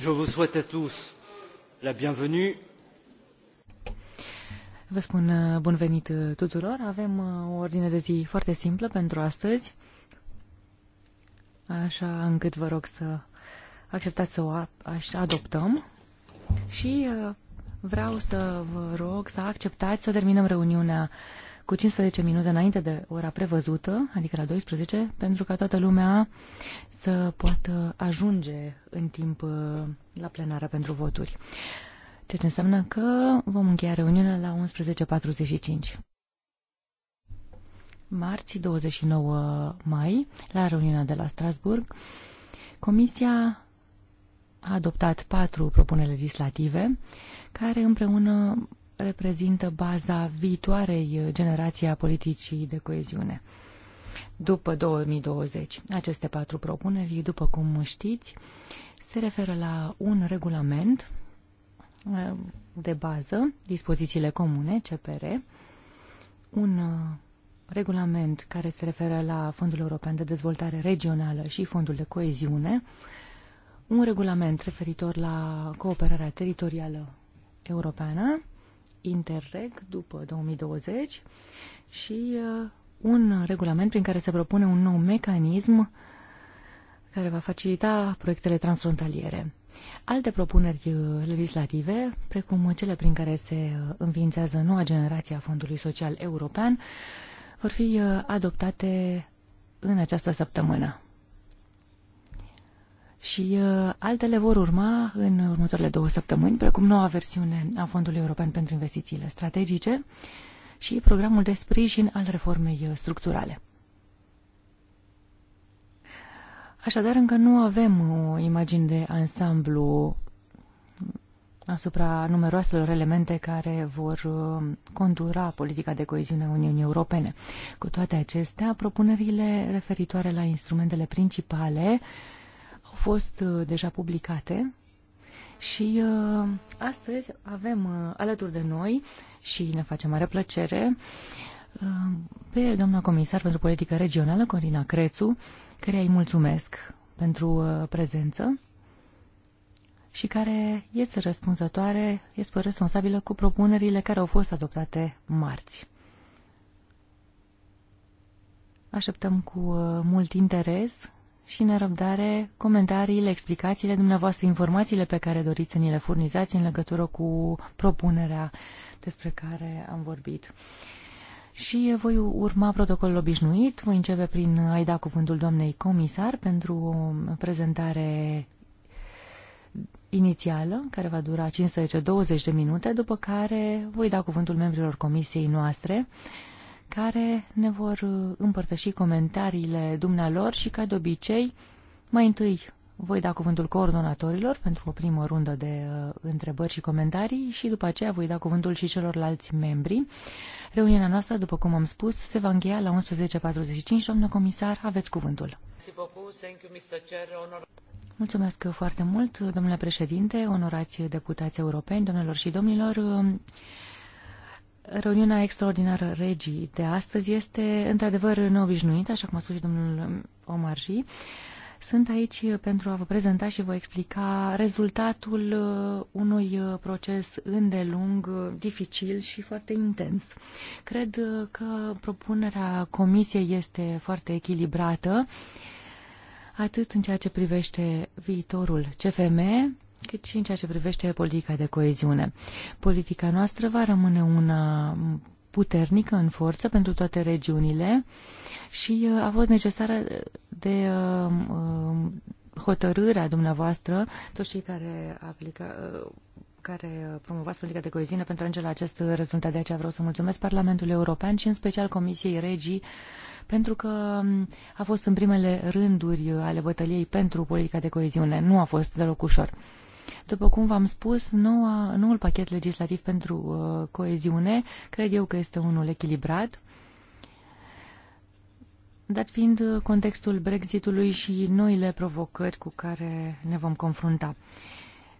Je vous souhaite à tous la bienvenue. Vă spun uh, bun venit uh, tuturor. Avem uh, o ordine de zi foarte simplă pentru astăzi, așa încât vă rog să acceptați să o adoptăm și vreau să vă rog să acceptați să terminăm reuniunea cu 15 minute înainte de ora prevăzută, adică la 12, pentru ca toată lumea să poată ajunge în timp uh, la plenară pentru voturi. Ceea ce înseamnă că vom încheia reuniunea la 11.45. Marți, 29 mai, la reuniunea de la Strasburg, Comisia a adoptat patru propuneri legislative care împreună reprezintă baza viitoarei uh, generații a politicii de coeziune. După 2020, aceste patru propuneri, după cum știți, se referă la un regulament uh, de bază, dispozițiile comune, CPR, un uh, regulament care se referă la Fondul European de Dezvoltare Regională și Fondul de Coeziune, un regulament referitor la cooperarea teritorială europeană Interreg după 2020 și uh, un regulament prin care se propune un nou mecanism care va facilita proiectele transfrontaliere. Alte propuneri uh, legislative, precum cele prin care se uh, înființează noua generație a Fondului Social European, vor fi adoptate în această săptămână și uh, altele vor urma în următoarele două săptămâni, precum noua versiune a Fondului European pentru Investițiile Strategice și programul de sprijin al reformei uh, structurale. Așadar, încă nu avem uh, o imagine de ansamblu asupra numeroaselor elemente care vor condura politica de coeziune a Uniunii Europene. Cu toate acestea, propunerile referitoare la instrumentele principale uh, fost uh, deja publicate și uh, astăzi avem uh, alături de noi și ne face mare plăcere pe doamna comisar pentru politică regională, Corina Crețu, care îi mulțumesc pentru prezență și care este răspunzătoare, este responsabilă cu propunerile care au fost adoptate marți. Așteptăm cu mult interes și nerăbdare comentariile, explicațiile dumneavoastră, informațiile pe care doriți să ni le furnizați în legătură cu propunerea despre care am vorbit. Și voi urma protocolul obișnuit, voi începe prin a-i da cuvântul doamnei comisar pentru o prezentare inițială, care va dura 15-20 de minute, după care voi da cuvântul membrilor comisiei noastre, care ne vor uh, împărtăși comentariile dumnealor și, ca de obicei, mai întâi voi da cuvântul coordonatorilor pentru o primă rundă de uh, întrebări și comentarii și după aceea voi da cuvântul și celorlalți membri. Reuniunea noastră, după cum am spus, se va încheia la 11.45. Doamnă comisar, aveți cuvântul. Mulțumesc foarte mult, domnule președinte, onorați deputați europeni, domnilor și domnilor. Reuniunea extraordinară regii de astăzi este într-adevăr neobișnuită, așa cum a spus și domnul Omarji. Sunt aici pentru a vă prezenta și vă explica rezultatul uh, unui uh, proces îndelung, uh, dificil și foarte intens. Cred că propunerea comisiei este foarte echilibrată, atât în ceea ce privește viitorul CFM, cât și în ceea ce privește politica de coeziune. Politica noastră va rămâne una puternică în forță pentru toate regiunile și uh, a fost necesară de uh, um, hotărârea dumneavoastră, toți cei care aplică uh, care promovați politica de coeziune pentru a ajunge la acest rezultat. De aceea vreau să mulțumesc Parlamentului European și în special Comisiei Regii pentru că um, a fost în primele rânduri ale bătăliei pentru politica de coeziune. Nu a fost deloc ușor. După cum v-am spus, noua, noul pachet legislativ pentru uh, coeziune cred eu că este unul echilibrat. Dat fiind uh, contextul Brexitului și noile provocări cu care ne vom confrunta,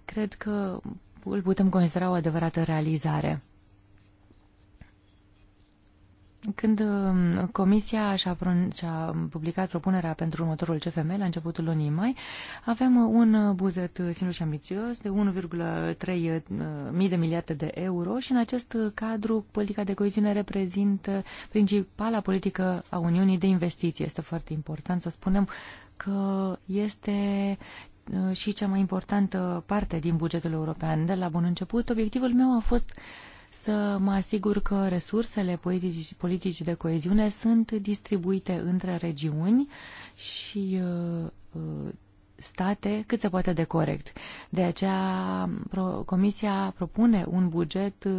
cred că îl putem considera o adevărată realizare. Când um, Comisia și-a, și-a publicat propunerea pentru următorul CFM la începutul lunii mai, avem un buzet sinus și ambițios de 1,3 uh, mii de miliarde de euro și în acest cadru politica de coeziune reprezintă principala politică a Uniunii de investiții. Este foarte important să spunem că este uh, și cea mai importantă parte din bugetul european. De la bun început, obiectivul meu a fost uh, să mă asigur că resursele politici, politici de coeziune sunt distribuite între regiuni și uh, uh, state cât se poate de corect. De aceea Comisia propune un buget uh,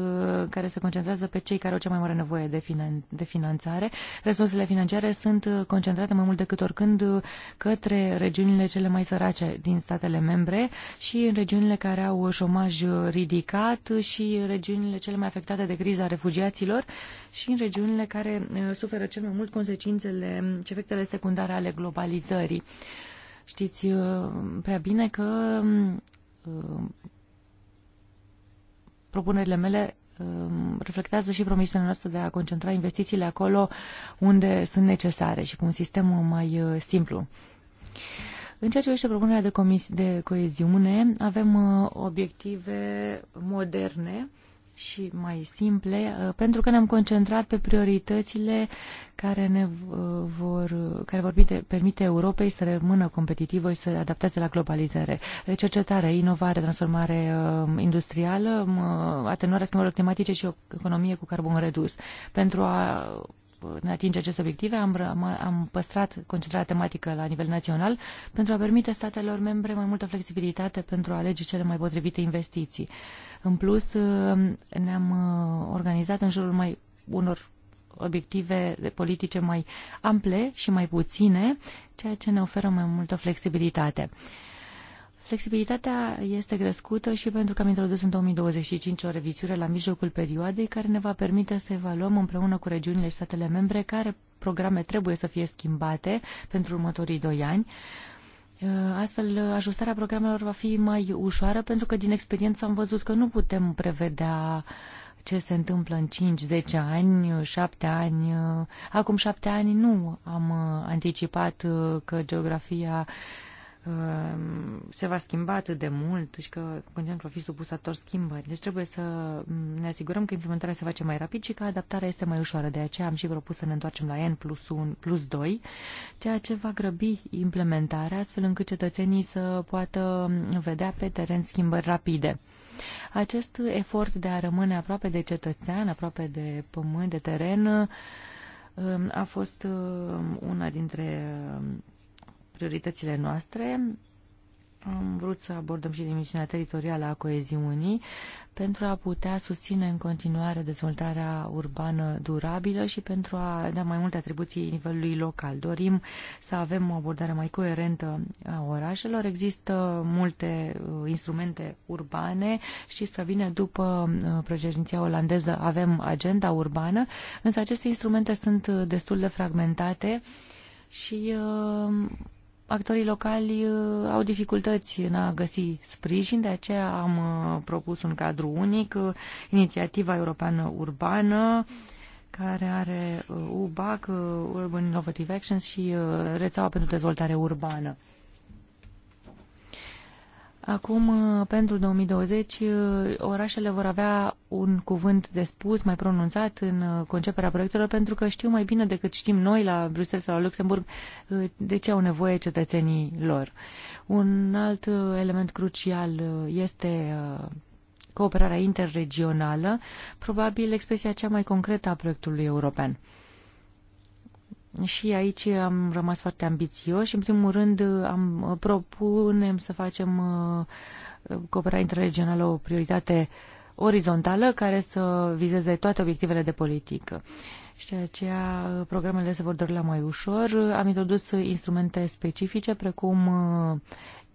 care se concentrează pe cei care au cea mai mare nevoie de, finan- de finanțare. Resursele financiare sunt uh, concentrate mai mult decât oricând uh, către regiunile cele mai sărace din statele membre și în regiunile care au șomaj ridicat și regiunile cele mai afectate de criza refugiaților și în regiunile care suferă cel mai mult consecințele um, și efectele secundare ale globalizării. Știți uh, prea bine că uh, propunerile mele uh, reflectează și promisiunea noastră de a concentra investițiile acolo unde sunt necesare și cu un sistem mai simplu. În ceea ce privește propunerea de, comis- de coeziune, avem obiective moderne uh, și mai simple, uh, pentru că ne-am concentrat pe prioritățile care ne uh, vor, care vor permite Europei să rămână competitivă și să adapteze la globalizare. Cercetare, inovare, transformare uh, industrială, atenuarea schimbărilor climatice și o economie cu carbon redus. Pentru a ne atinge aceste obiective, am, am păstrat concentrarea tematică la nivel național pentru a permite statelor membre mai multă flexibilitate pentru a alege cele mai potrivite investiții. În plus, eh, ne-am eh, organizat în jurul mai unor obiective politice mai ample și mai puține, ceea ce ne oferă mai multă flexibilitate. Uh, Flexibilitatea este crescută și pentru că am introdus în 2025 o revizuire la mijlocul perioadei care ne va permite să evaluăm împreună cu regiunile și statele membre care programe trebuie să fie schimbate pentru următorii doi ani. Uh, astfel, ajustarea programelor va fi mai ușoară pentru că din experiență am văzut că nu putem prevedea ce se întâmplă în 5-10 ani, 7 ani. Uh, acum 7 ani nu am uh, anticipat că geografia Um, se va schimba atât de mult și că conținutul va fi supus ator schimbări. Deci trebuie să mm, ne asigurăm că implementarea se face mai rapid și că adaptarea este mai ușoară. De aceea am și propus să ne întoarcem la N plus, 1, plus 2, ceea ce va grăbi implementarea astfel încât cetățenii să poată mm, vedea pe teren schimbări rapide. Acest efort de a rămâne aproape de cetățean, aproape de pământ, de teren, mm, a fost una dintre prioritățile noastre. Am vrut să abordăm și dimensiunea teritorială a coeziunii pentru a putea susține în continuare dezvoltarea urbană durabilă și pentru a da mai multe atribuții nivelului local. Dorim să avem o abordare mai coerentă a orașelor. Există multe uh, instrumente urbane și spre bine după uh, președinția olandeză avem agenda urbană, însă aceste instrumente sunt uh, destul de fragmentate și actorii locali uh, au dificultăți în a găsi sprijin, de aceea am uh, propus un cadru unic, uh, inițiativa europeană urbană, care are UBAC, Urban Innovative Actions și rețeaua pentru dezvoltare urbană. Acum, uh, pentru 2020, uh, orașele vor avea un cuvânt de spus mai pronunțat în uh, conceperea proiectelor, pentru că știu mai bine decât știm noi la Bruxelles sau la Luxemburg de ce au nevoie cetățenii lor. Un alt element crucial este cooperarea interregională, probabil expresia cea mai concretă a proiectului european. Și aici am rămas foarte ambițioși. În primul rând, am uh, propunem să facem uh, cooperarea interregională o prioritate orizontală care să vizeze toate obiectivele de politică. Și de aceea uh, programele se vor la mai ușor. Am introdus instrumente specifice precum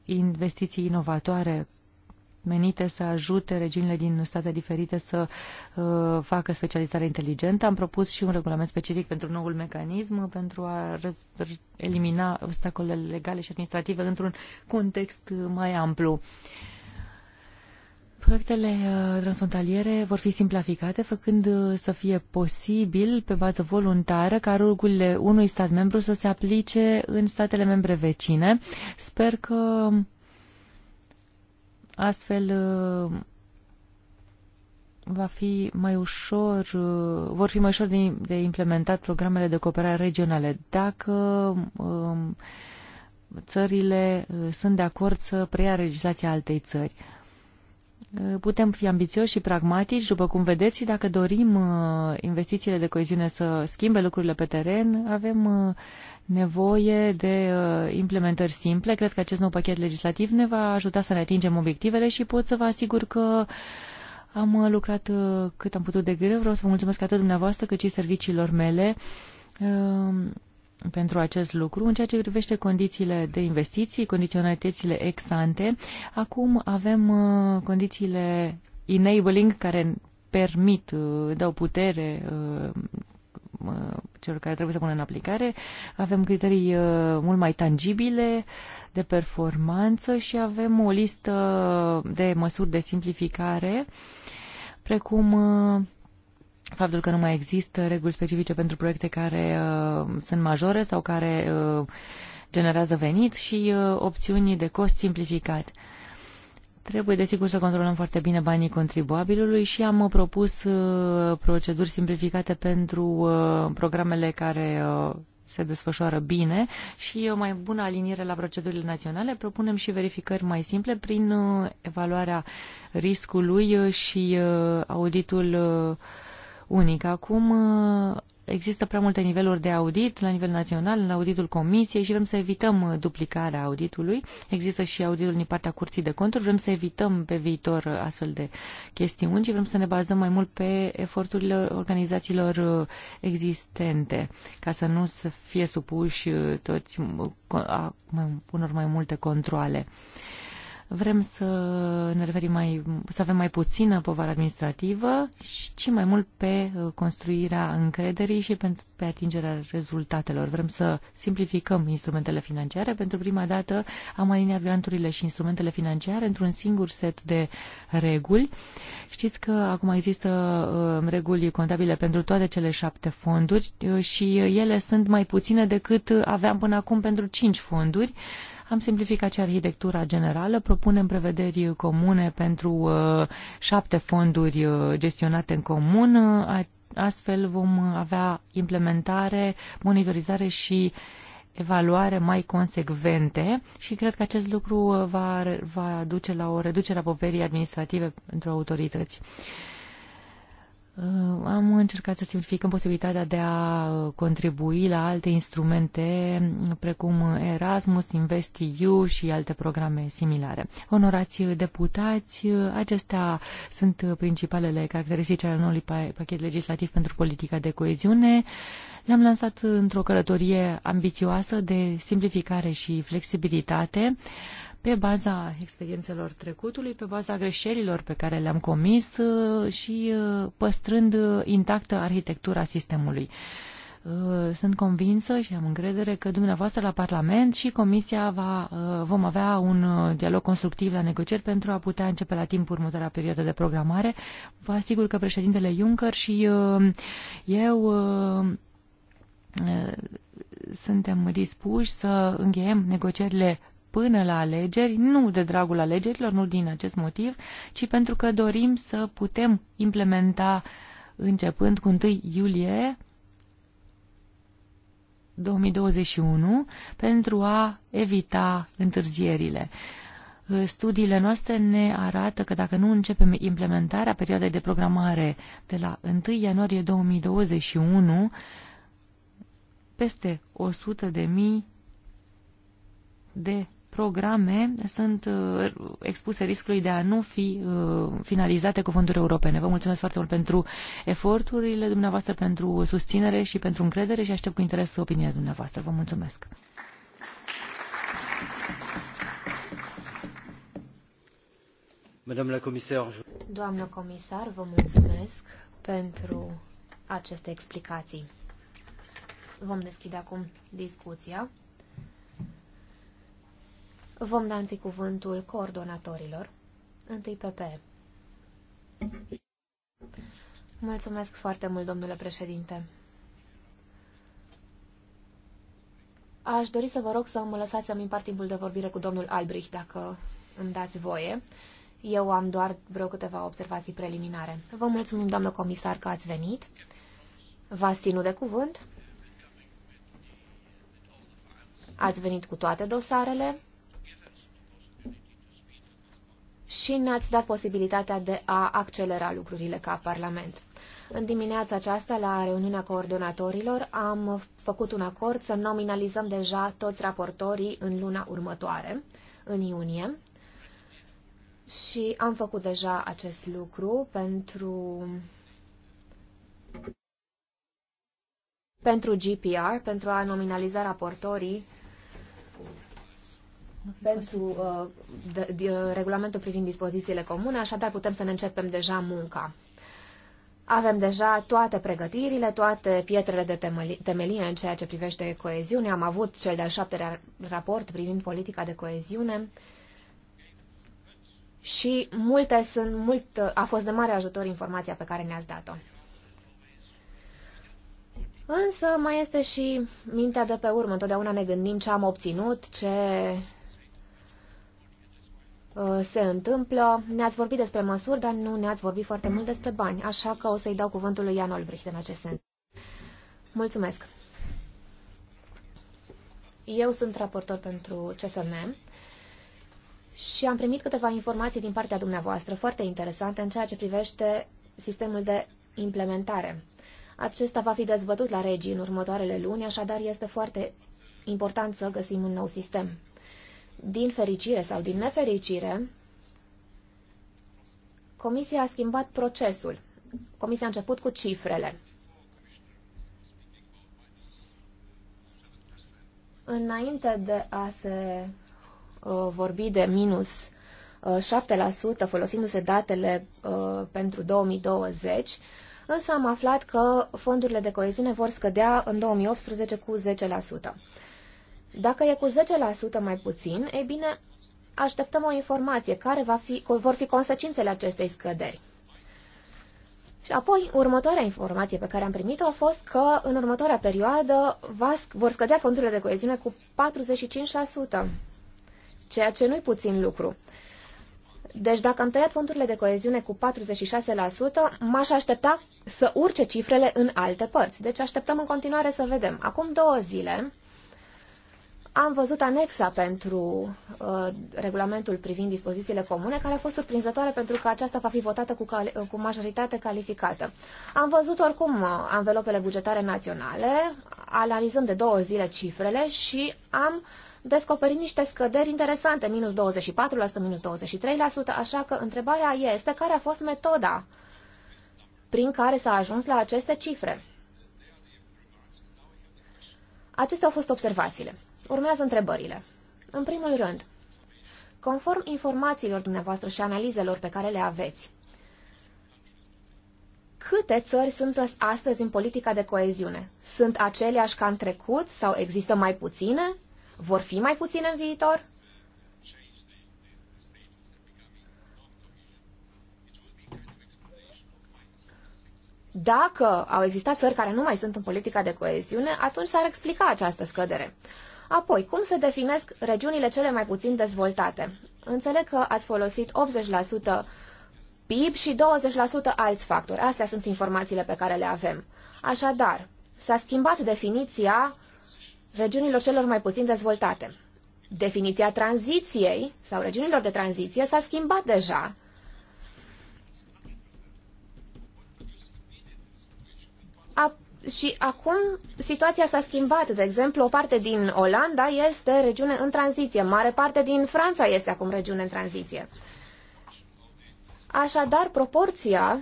investiții inovatoare menite să ajute regiunile din state diferite să uh, facă specializare inteligentă. Am propus și un regulament specific pentru noul mecanism pentru a elimina obstacolele legale și administrative într-un context mai amplu. Proiectele uh, transfrontaliere vor fi simplificate, făcând uh, să fie posibil, pe bază voluntară, ca rugurile unui stat membru să se aplice în statele membre vecine. Sper că Astfel uh, va fi mai ușor, uh, vor fi mai ușor de, de implementat programele de cooperare regionale. Dacă um, țările uh, sunt de acord să preia legislația altei țări. Putem fi ambițioși și pragmatici, după cum vedeți, și dacă dorim investițiile de coeziune să schimbe lucrurile pe teren, avem nevoie de uh, implementări simple. Cred că acest nou pachet legislativ ne va ajuta să ne atingem obiectivele și pot să vă asigur că am uh, lucrat uh, cât am putut de greu. Vreau să vă mulțumesc atât dumneavoastră cât și serviciilor mele pentru acest lucru. În ceea ce privește condițiile de investiții, condiționalitățile ex ante, acum avem condițiile enabling care permit, dau putere celor care trebuie să pună în aplicare. Avem criterii uh, mult mai tangibile de performanță și avem o listă de măsuri de simplificare, precum uh, faptul că nu mai există reguli specifice pentru proiecte care uh, sunt majore sau care generează venit și opțiuni de cost simplificat. Trebuie, desigur, să controlăm foarte bine banii contribuabilului și am propus uh, proceduri simplificate pentru uh, programele care uh, se desfășoară bine și o mai bună aliniere la procedurile naționale. Propunem și verificări mai simple prin evaluarea riscului și auditul unic. Acum există prea multe niveluri de audit la nivel național, în auditul comisiei și vrem să evităm uh, duplicarea auditului. Există și auditul din partea curții de conturi, vrem să evităm pe viitor uh, astfel de chestiuni și vrem să ne bazăm mai mult pe eforturile organizațiilor uh, existente, ca să nu să fie supuși toți a, unor mai multe controle. Vrem să ne referim mai, să avem mai puțină povară administrativă și ci mai mult pe uh, construirea încrederii și pentru, pe atingerea rezultatelor. Vrem să simplificăm instrumentele financiare. Pentru prima dată am aliniat granturile și instrumentele financiare într-un singur set de reguli. Știți că acum există uh, reguli contabile pentru toate cele șapte fonduri uh, și ele sunt mai puține decât aveam până acum pentru cinci fonduri. Am simplificat și arhitectura generală, propunem prevederi comune pentru uh, șapte fonduri uh, gestionate în comun, astfel vom avea implementare, monitorizare și evaluare mai consecvente și cred că acest lucru uh, va, va duce la o reducere a poverii administrative pentru autorități. Uh, Uh, am încercat să simplificăm posibilitatea de a uh, contribui la alte instrumente mm, precum Erasmus, InvestEU și alte programe similare. Onorați uh, deputați, acestea sunt principalele caracteristici ale noului pachet legislativ pentru politica de coeziune. Le-am lansat într-o călătorie ambițioasă de simplificare și flexibilitate pe baza experiențelor trecutului, pe baza greșelilor pe care le-am comis uh, și uh, păstrând intactă arhitectura sistemului. Uh, sunt convinsă și am încredere că dumneavoastră la Parlament și Comisia va, vom avea un dialog constructiv la negocieri pentru a putea începe la timp următoarea perioadă de programare. Vă asigur că președintele Juncker și eu suntem dispuși să încheiem negocierile până la alegeri, nu de dragul alegerilor, nu din acest motiv, ci pentru că dorim să putem implementa începând cu 1 iulie 2021 pentru a evita întârzierile. Studiile noastre ne arată că dacă nu începem implementarea perioadei de programare de la 1 ianuarie 2021, peste 100 de mii de programe sunt uh, expuse riscului de a nu fi uh, finalizate cu fonduri europene. Vă mulțumesc foarte mult pentru eforturile dumneavoastră, pentru susținere și pentru încredere și aștept cu interes opinia dumneavoastră. Vă mulțumesc! Doamnă comisar, vă mulțumesc pentru aceste explicații. Vom deschide acum discuția. Vom da întâi cuvântul coordonatorilor. Întâi PP. Mulțumesc foarte mult, domnule președinte. Aș dori să vă rog să mă lăsați să-mi împart timpul de vorbire cu domnul Albrecht, dacă îmi dați voie. Eu am doar vreo câteva observații preliminare. Vă mulțumim, doamnă comisar, că ați venit. V-ați ținut de cuvânt. Ați venit cu toate dosarele și ne-ați dat posibilitatea de a accelera lucrurile ca Parlament. În dimineața aceasta, la reuniunea coordonatorilor, am făcut un acord să nominalizăm deja toți raportorii în luna următoare, în iunie, și am făcut deja acest lucru pentru pentru GPR, pentru a nominaliza raportorii pentru uh, de, de, uh, regulamentul privind dispozițiile comune, așadar putem să ne începem deja munca. Avem deja toate pregătirile, toate pietrele de temelie în ceea ce privește coeziune. Am avut cel de-al șaptelea raport privind politica de coeziune și multe sunt, mult, a fost de mare ajutor informația pe care ne-ați dat-o. Însă mai este și mintea de pe urmă. Întotdeauna ne gândim ce am obținut, ce Uh, se întâmplă. Ne-ați vorbit despre măsuri, dar nu ne-ați vorbit foarte mult despre bani, așa că o să-i dau cuvântul lui Ian Olbricht în acest sens. Mulțumesc! Eu sunt raportor pentru CFM și am primit câteva informații din partea dumneavoastră foarte interesante în ceea ce privește sistemul de implementare. Acesta va fi dezbătut la regii în următoarele luni, așadar este foarte important să găsim un nou sistem. Din fericire sau din nefericire, Comisia a schimbat procesul. Comisia a început cu cifrele. Înainte de a se uh, vorbi de minus uh, 7%, folosindu-se datele uh, pentru 2020, însă am aflat că fondurile de coeziune vor scădea în 2018 cu 10%. Dacă e cu 10% mai puțin, e bine, așteptăm o informație care va fi, vor fi consecințele acestei scăderi. Și apoi, următoarea informație pe care am primit-o a fost că în următoarea perioadă va, vor scădea fondurile de coeziune cu 45%, ceea ce nu-i puțin lucru. Deci dacă am tăiat fondurile de coeziune cu 46%, m-aș aștepta să urce cifrele în alte părți. Deci așteptăm în continuare să vedem. Acum două zile am văzut anexa pentru uh, regulamentul privind dispozițiile comune, care a fost surprinzătoare pentru că aceasta va fi votată cu, cali- uh, cu majoritate calificată. Am văzut oricum uh, anvelopele bugetare naționale, analizăm de două zile cifrele și am descoperit niște scăderi interesante, minus 24%, minus 23%, așa că întrebarea este care a fost metoda prin care s-a ajuns la aceste cifre. Acestea au fost observațiile. Urmează întrebările. În primul rând, conform informațiilor dumneavoastră și analizelor pe care le aveți, câte țări sunt astăzi în politica de coeziune? Sunt aceleași ca în trecut sau există mai puține? Vor fi mai puține în viitor? Dacă au existat țări care nu mai sunt în politica de coeziune, atunci s-ar explica această scădere. Apoi, cum se definesc regiunile cele mai puțin dezvoltate? Înțeleg că ați folosit 80% PIB și 20% alți factori. Astea sunt informațiile pe care le avem. Așadar, s-a schimbat definiția regiunilor celor mai puțin dezvoltate. Definiția tranziției sau regiunilor de tranziție s-a schimbat deja Și acum situația s-a schimbat. De exemplu, o parte din Olanda este regiune în tranziție, mare parte din Franța este acum regiune în tranziție. Așadar, proporția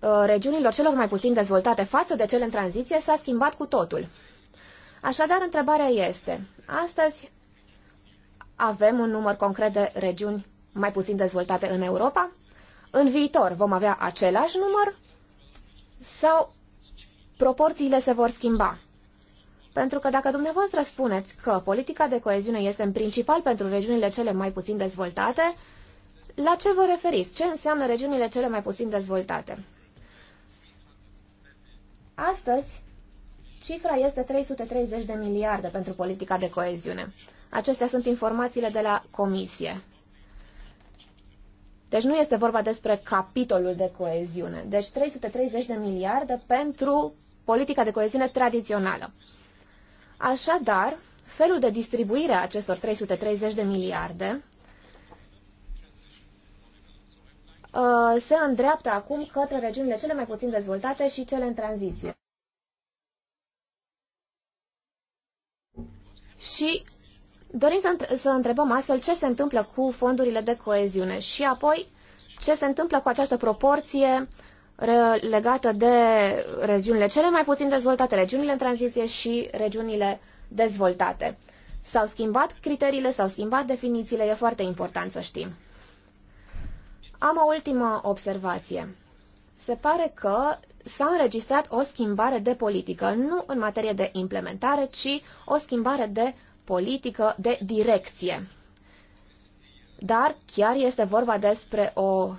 uh, regiunilor celor mai puțin dezvoltate față de cele în tranziție s-a schimbat cu totul. Așadar, întrebarea este, astăzi avem un număr concret de regiuni mai puțin dezvoltate în Europa? În viitor vom avea același număr? Sau proporțiile se vor schimba. Pentru că dacă dumneavoastră spuneți că politica de coeziune este în principal pentru regiunile cele mai puțin dezvoltate, la ce vă referiți? Ce înseamnă regiunile cele mai puțin dezvoltate? Astăzi, cifra este 330 de miliarde pentru politica de coeziune. Acestea sunt informațiile de la Comisie. Deci nu este vorba despre capitolul de coeziune. Deci 330 de miliarde pentru politica de coeziune tradițională. Așadar, felul de distribuire a acestor 330 de miliarde uh, se îndreaptă acum către regiunile cele mai puțin dezvoltate și cele în tranziție. Și dorim să, să întrebăm astfel ce se întâmplă cu fondurile de coeziune și apoi ce se întâmplă cu această proporție legată de regiunile cele mai puțin dezvoltate, regiunile în tranziție și regiunile dezvoltate. S-au schimbat criteriile, s-au schimbat definițiile, e foarte important să știm. Am o ultimă observație. Se pare că s-a înregistrat o schimbare de politică, nu în materie de implementare, ci o schimbare de politică de direcție. Dar chiar este vorba despre o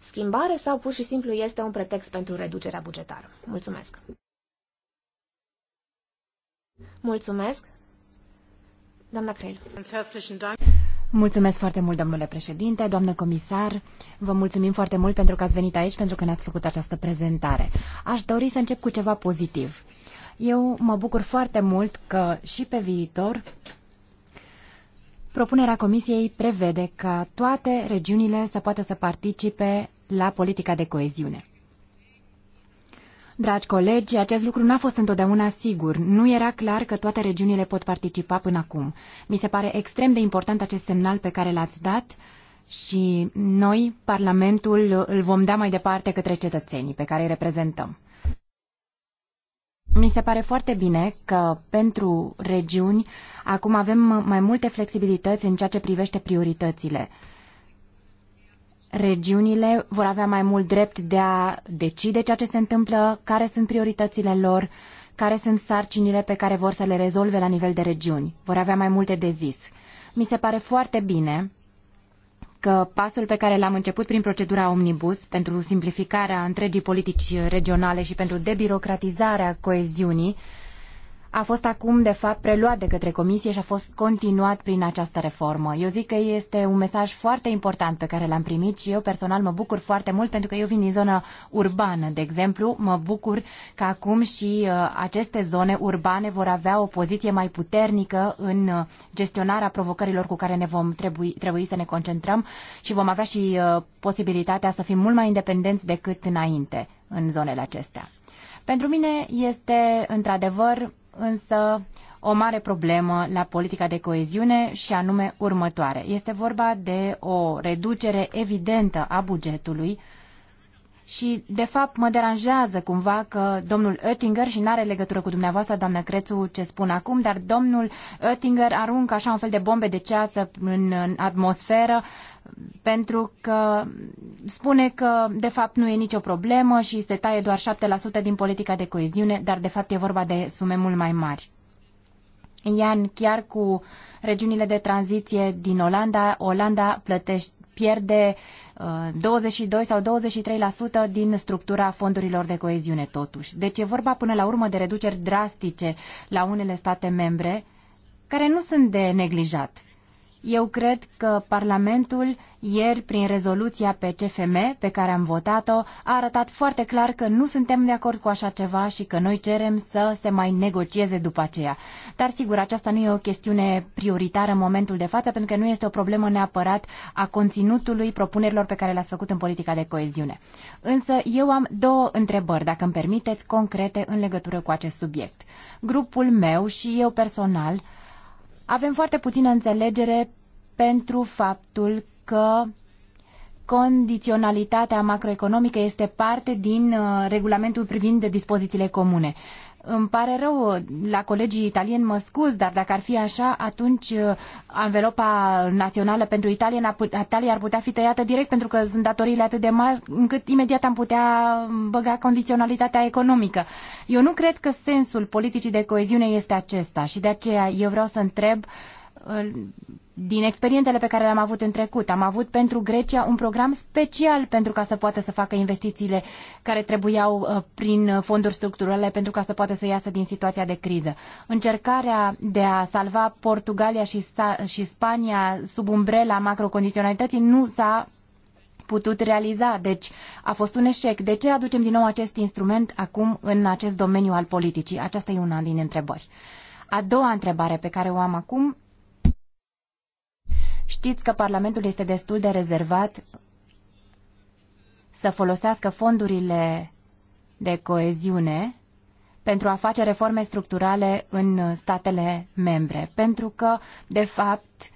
schimbare sau pur și simplu este un pretext pentru reducerea bugetară? Mulțumesc! Mulțumesc! Doamna Creil. Mulțumesc foarte mult, domnule președinte, doamnă comisar. Vă mulțumim foarte mult pentru că ați venit aici, pentru că ne-ați făcut această prezentare. Aș dori să încep cu ceva pozitiv. Eu mă bucur foarte mult că și pe viitor Propunerea Comisiei prevede ca toate regiunile să poată să participe la politica de coeziune. Dragi colegi, acest lucru n-a fost întotdeauna sigur. Nu era clar că toate regiunile pot participa până acum. Mi se pare extrem de important acest semnal pe care l-ați dat și noi, Parlamentul, îl vom da mai departe către cetățenii pe care îi reprezentăm. Mi se pare foarte bine că pentru regiuni acum avem mai multe flexibilități în ceea ce privește prioritățile. Regiunile vor avea mai mult drept de a decide ceea ce se întâmplă, care sunt prioritățile lor, care sunt sarcinile pe care vor să le rezolve la nivel de regiuni. Vor avea mai multe de zis. Mi se pare foarte bine că pasul pe care l-am început prin procedura Omnibus pentru simplificarea întregii politici regionale și pentru debirocratizarea coeziunii a fost acum, de fapt, preluat de către Comisie și a fost continuat prin această reformă. Eu zic că este un mesaj foarte important pe care l-am primit și eu personal mă bucur foarte mult pentru că eu vin din zona urbană, de exemplu. Mă bucur că acum și uh, aceste zone urbane vor avea o poziție mai puternică în uh, gestionarea provocărilor cu care ne vom trebui, trebui să ne concentrăm și vom avea și uh, posibilitatea să fim mult mai independenți decât înainte în zonele acestea. Pentru mine este, într-adevăr, însă o mare problemă la politica de coeziune și anume următoare. Este vorba de o reducere evidentă a bugetului și, de fapt, mă deranjează cumva că domnul Oettinger, și nu are legătură cu dumneavoastră, doamnă Crețu, ce spun acum, dar domnul Oettinger aruncă așa un fel de bombe de ceață în atmosferă, pentru că spune că de fapt nu e nicio problemă și se taie doar 7% din politica de coeziune, dar de fapt e vorba de sume mult mai mari. Ian, chiar cu regiunile de tranziție din Olanda, Olanda plătește, pierde uh, 22 sau 23% din structura fondurilor de coeziune totuși. Deci e vorba până la urmă de reduceri drastice la unele state membre care nu sunt de neglijat. Eu cred că Parlamentul, ieri, prin rezoluția pe CFM, pe care am votat-o, a arătat foarte clar că nu suntem de acord cu așa ceva și că noi cerem să se mai negocieze după aceea. Dar, sigur, aceasta nu e o chestiune prioritară în momentul de față, pentru că nu este o problemă neapărat a conținutului propunerilor pe care le-ați făcut în politica de coeziune. Însă, eu am două întrebări, dacă îmi permiteți, concrete în legătură cu acest subiect. Grupul meu și eu personal avem foarte puțină înțelegere pentru faptul că condiționalitatea macroeconomică este parte din uh, regulamentul privind dispozițiile comune. Îmi pare rău, la colegii italieni mă scuz, dar dacă ar fi așa, atunci uh, anvelopa națională pentru Italia, Italia ar putea fi tăiată direct pentru că sunt datoriile atât de mari încât imediat am putea um, băga condiționalitatea economică. Eu nu cred că sensul politicii de coeziune este acesta și de aceea eu vreau să întreb uh, din experiențele pe care le-am avut în trecut. Am avut pentru Grecia un program special pentru ca să poată să facă investițiile care trebuiau uh, prin fonduri structurale pentru ca să poată să iasă din situația de criză. Încercarea de a salva Portugalia și, și Spania sub umbrela macrocondiționalității nu s-a putut realiza. Deci a fost un eșec. De ce aducem din nou acest instrument acum în acest domeniu al politicii? Aceasta e una din întrebări. A doua întrebare pe care o am acum Știți că Parlamentul este destul de rezervat să folosească fondurile de coeziune pentru a face reforme structurale în statele membre, pentru că, de fapt,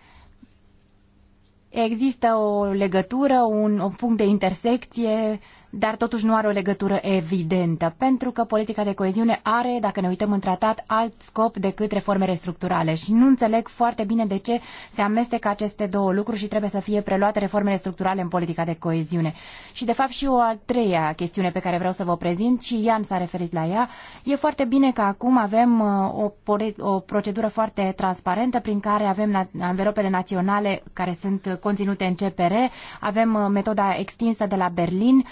există o legătură, un, un punct de intersecție dar totuși nu are o legătură evidentă, pentru că politica de coeziune are, dacă ne uităm în tratat, alt scop decât reformele structurale și nu înțeleg foarte bine de ce se amestecă aceste două lucruri și trebuie să fie preluate reformele structurale în politica de coeziune. Și de fapt și o a treia chestiune pe care vreau să vă prezint și Ian s-a referit la ea, e foarte bine că acum avem uh, o, o procedură foarte transparentă prin care avem anveropele naționale care sunt conținute în CPR, avem uh, metoda extinsă de la Berlin,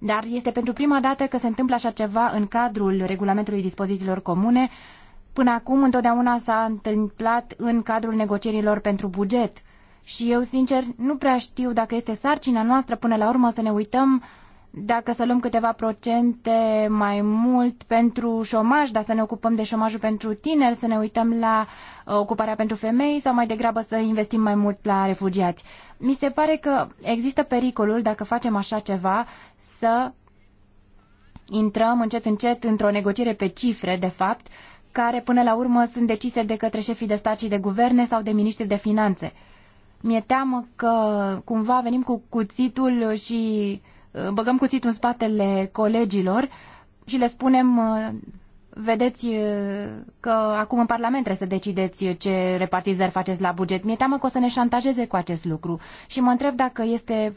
dar este pentru prima dată că se întâmplă așa ceva în cadrul regulamentului dispozițiilor comune. Până acum întotdeauna s-a întâmplat în cadrul negocierilor pentru buget. Și eu, sincer, nu prea știu dacă este sarcina noastră până la urmă să ne uităm dacă să luăm câteva procente mai mult pentru șomaj, dar să ne ocupăm de șomajul pentru tineri, să ne uităm la uh, ocuparea pentru femei sau mai degrabă să investim mai mult la refugiați. Mi se pare că există pericolul, dacă facem așa ceva, să intrăm încet încet într-o negociere pe cifre, de fapt, care până la urmă sunt decise de către șefii de stat și de guverne sau de miniștri de finanțe. Mi-e teamă că cumva venim cu cuțitul și uh, băgăm cuțitul în spatele colegilor și le spunem uh, vedeți uh, că acum în Parlament trebuie să decideți uh, ce repartizări faceți la buget. Mi-e teamă că o să ne șantajeze cu acest lucru și mă întreb dacă este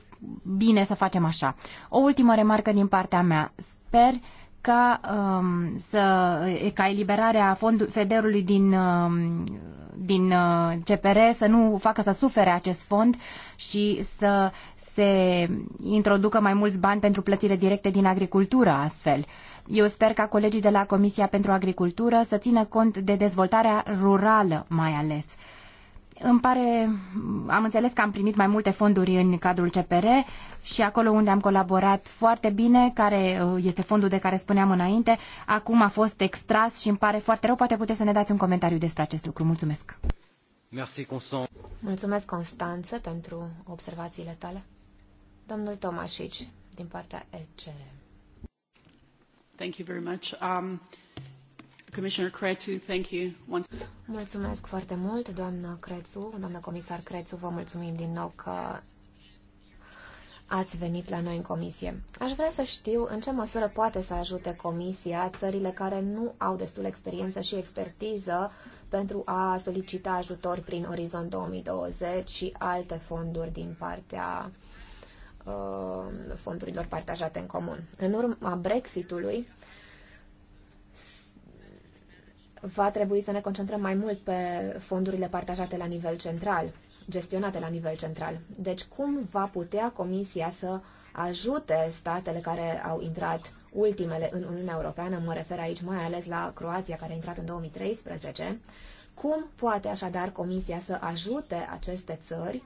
bine să facem așa. O ultimă remarcă din partea mea. Sper ca, um, să, ca eliberarea fondul, federului din, um, din uh, CPR să nu facă să sufere acest fond și să se introducă mai mulți bani pentru plățile directe din agricultură astfel. Eu sper ca colegii de la Comisia pentru Agricultură să țină cont de dezvoltarea rurală mai ales. Îmi pare, am înțeles că am primit mai multe fonduri în cadrul CPR și acolo unde am colaborat foarte bine, care uh, este fondul de care spuneam înainte, acum a fost extras și îmi pare foarte rău. Poate puteți să ne dați un comentariu despre acest lucru. Mulțumesc! Merci, Constant. Mulțumesc, Constanță, pentru observațiile tale. Domnul Tomașici, din partea ECR. Thank you very much. Um, Commissioner Cretu, thank you once... Mulțumesc foarte mult, doamnă Crețu, doamnă comisar Crețu, vă mulțumim din nou că ați venit la noi în comisie. Aș vrea să știu în ce măsură poate să ajute comisia țările care nu au destul experiență și expertiză pentru a solicita ajutor prin Orizont 2020 și alte fonduri din partea uh, Uh, fondurilor partajate în comun. În urma Brexitului va trebui să ne concentrăm mai mult pe fondurile partajate la nivel central, gestionate la nivel central. Deci cum va putea Comisia să ajute statele care au intrat ultimele în Uniunea Europeană, mă refer aici mai ales la Croația care a intrat în 2013, cum poate așadar Comisia să ajute aceste țări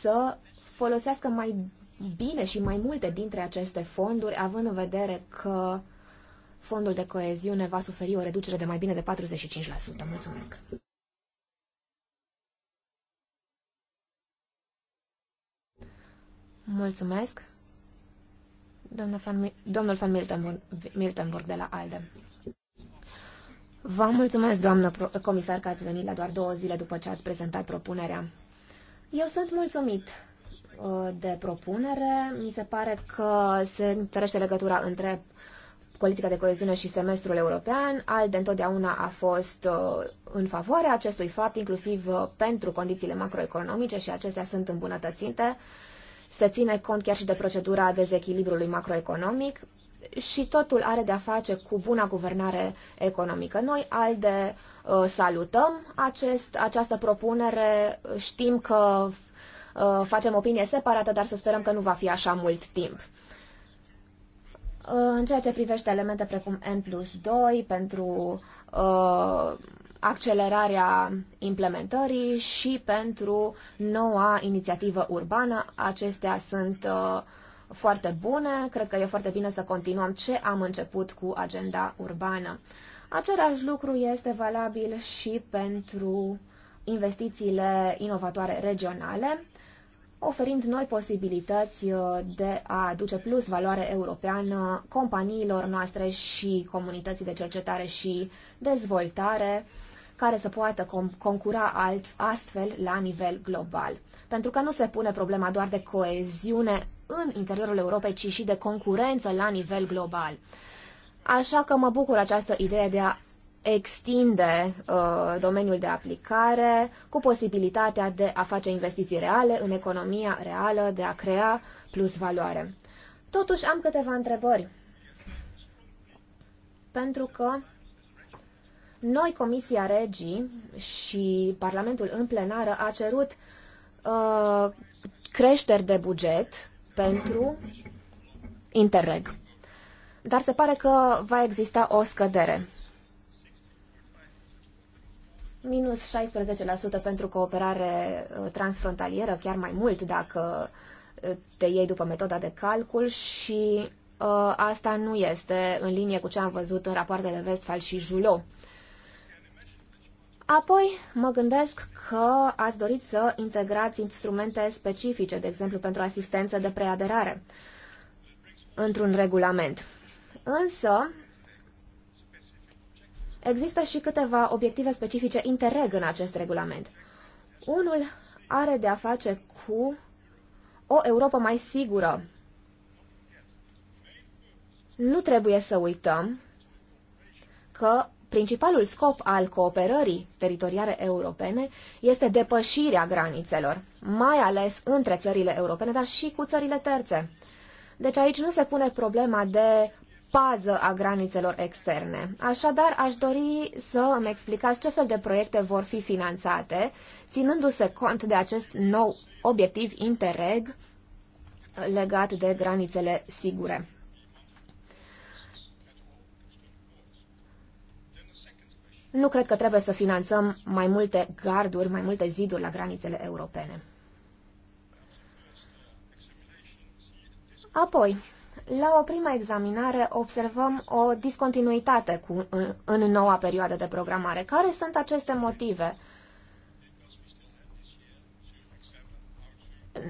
să folosească mai bine și mai multe dintre aceste fonduri, având în vedere că fondul de coeziune va suferi o reducere de mai bine de 45%. Mulțumesc! Mulțumesc! domnul Fan Miltenburg de la ALDE. Vă mulțumesc, doamnă comisar, că ați venit la doar două zile după ce ați prezentat propunerea. Eu sunt mulțumit Uh, de propunere. Mi se pare că se întărește legătura între politica de coeziune și semestrul european. ALDE întotdeauna a fost uh, în favoarea acestui fapt, inclusiv uh, pentru condițiile macroeconomice și acestea sunt îmbunătățite. Se ține cont chiar și de procedura dezechilibrului macroeconomic și totul are de-a face cu buna guvernare economică. Noi, ALDE, salutăm acest, această propunere, știm că Uh, facem opinie separată, dar să sperăm că nu va fi așa mult timp. Uh, în ceea ce privește elemente precum N plus 2 pentru uh, accelerarea implementării și pentru noua inițiativă urbană, acestea sunt uh, foarte bune. Cred că e foarte bine să continuăm ce am început cu agenda urbană. Același lucru este valabil și pentru investițiile inovatoare regionale oferind noi posibilități uh, de a aduce plus valoare europeană companiilor noastre și comunității de cercetare și dezvoltare care să poată concura alt, astfel la nivel global. Pentru că nu se pune problema doar de coeziune în interiorul Europei, ci și de concurență la nivel global. Așa că mă bucur această idee de a extinde uh, domeniul de aplicare cu posibilitatea de a face investiții reale în economia reală, de a crea plus valoare. Totuși am câteva întrebări. Pentru că noi, Comisia Regii și Parlamentul în plenară a cerut uh, creșteri de buget pentru Interreg. Dar se pare că va exista o scădere minus 16% pentru cooperare uh, transfrontalieră, chiar mai mult dacă uh, te iei după metoda de calcul și uh, asta nu este în linie cu ce am văzut în rapoartele Westphal și Julot. Apoi mă gândesc că ați dorit să integrați instrumente specifice, de exemplu pentru asistență de preaderare, într-un regulament. Însă, Există și câteva obiective specifice interreg în acest regulament. Unul are de a face cu o Europa mai sigură. Nu trebuie să uităm că principalul scop al cooperării teritoriale europene este depășirea granițelor, mai ales între țările europene, dar și cu țările terțe. Deci aici nu se pune problema de pază a granițelor externe. Așadar, aș dori să îmi explicați ce fel de proiecte vor fi finanțate, ținându-se cont de acest nou obiectiv interreg legat de granițele sigure. Nu cred că trebuie să finanțăm mai multe garduri, mai multe ziduri la granițele europene. Apoi, la o primă examinare observăm o discontinuitate cu, în, în noua perioadă de programare. Care sunt aceste motive?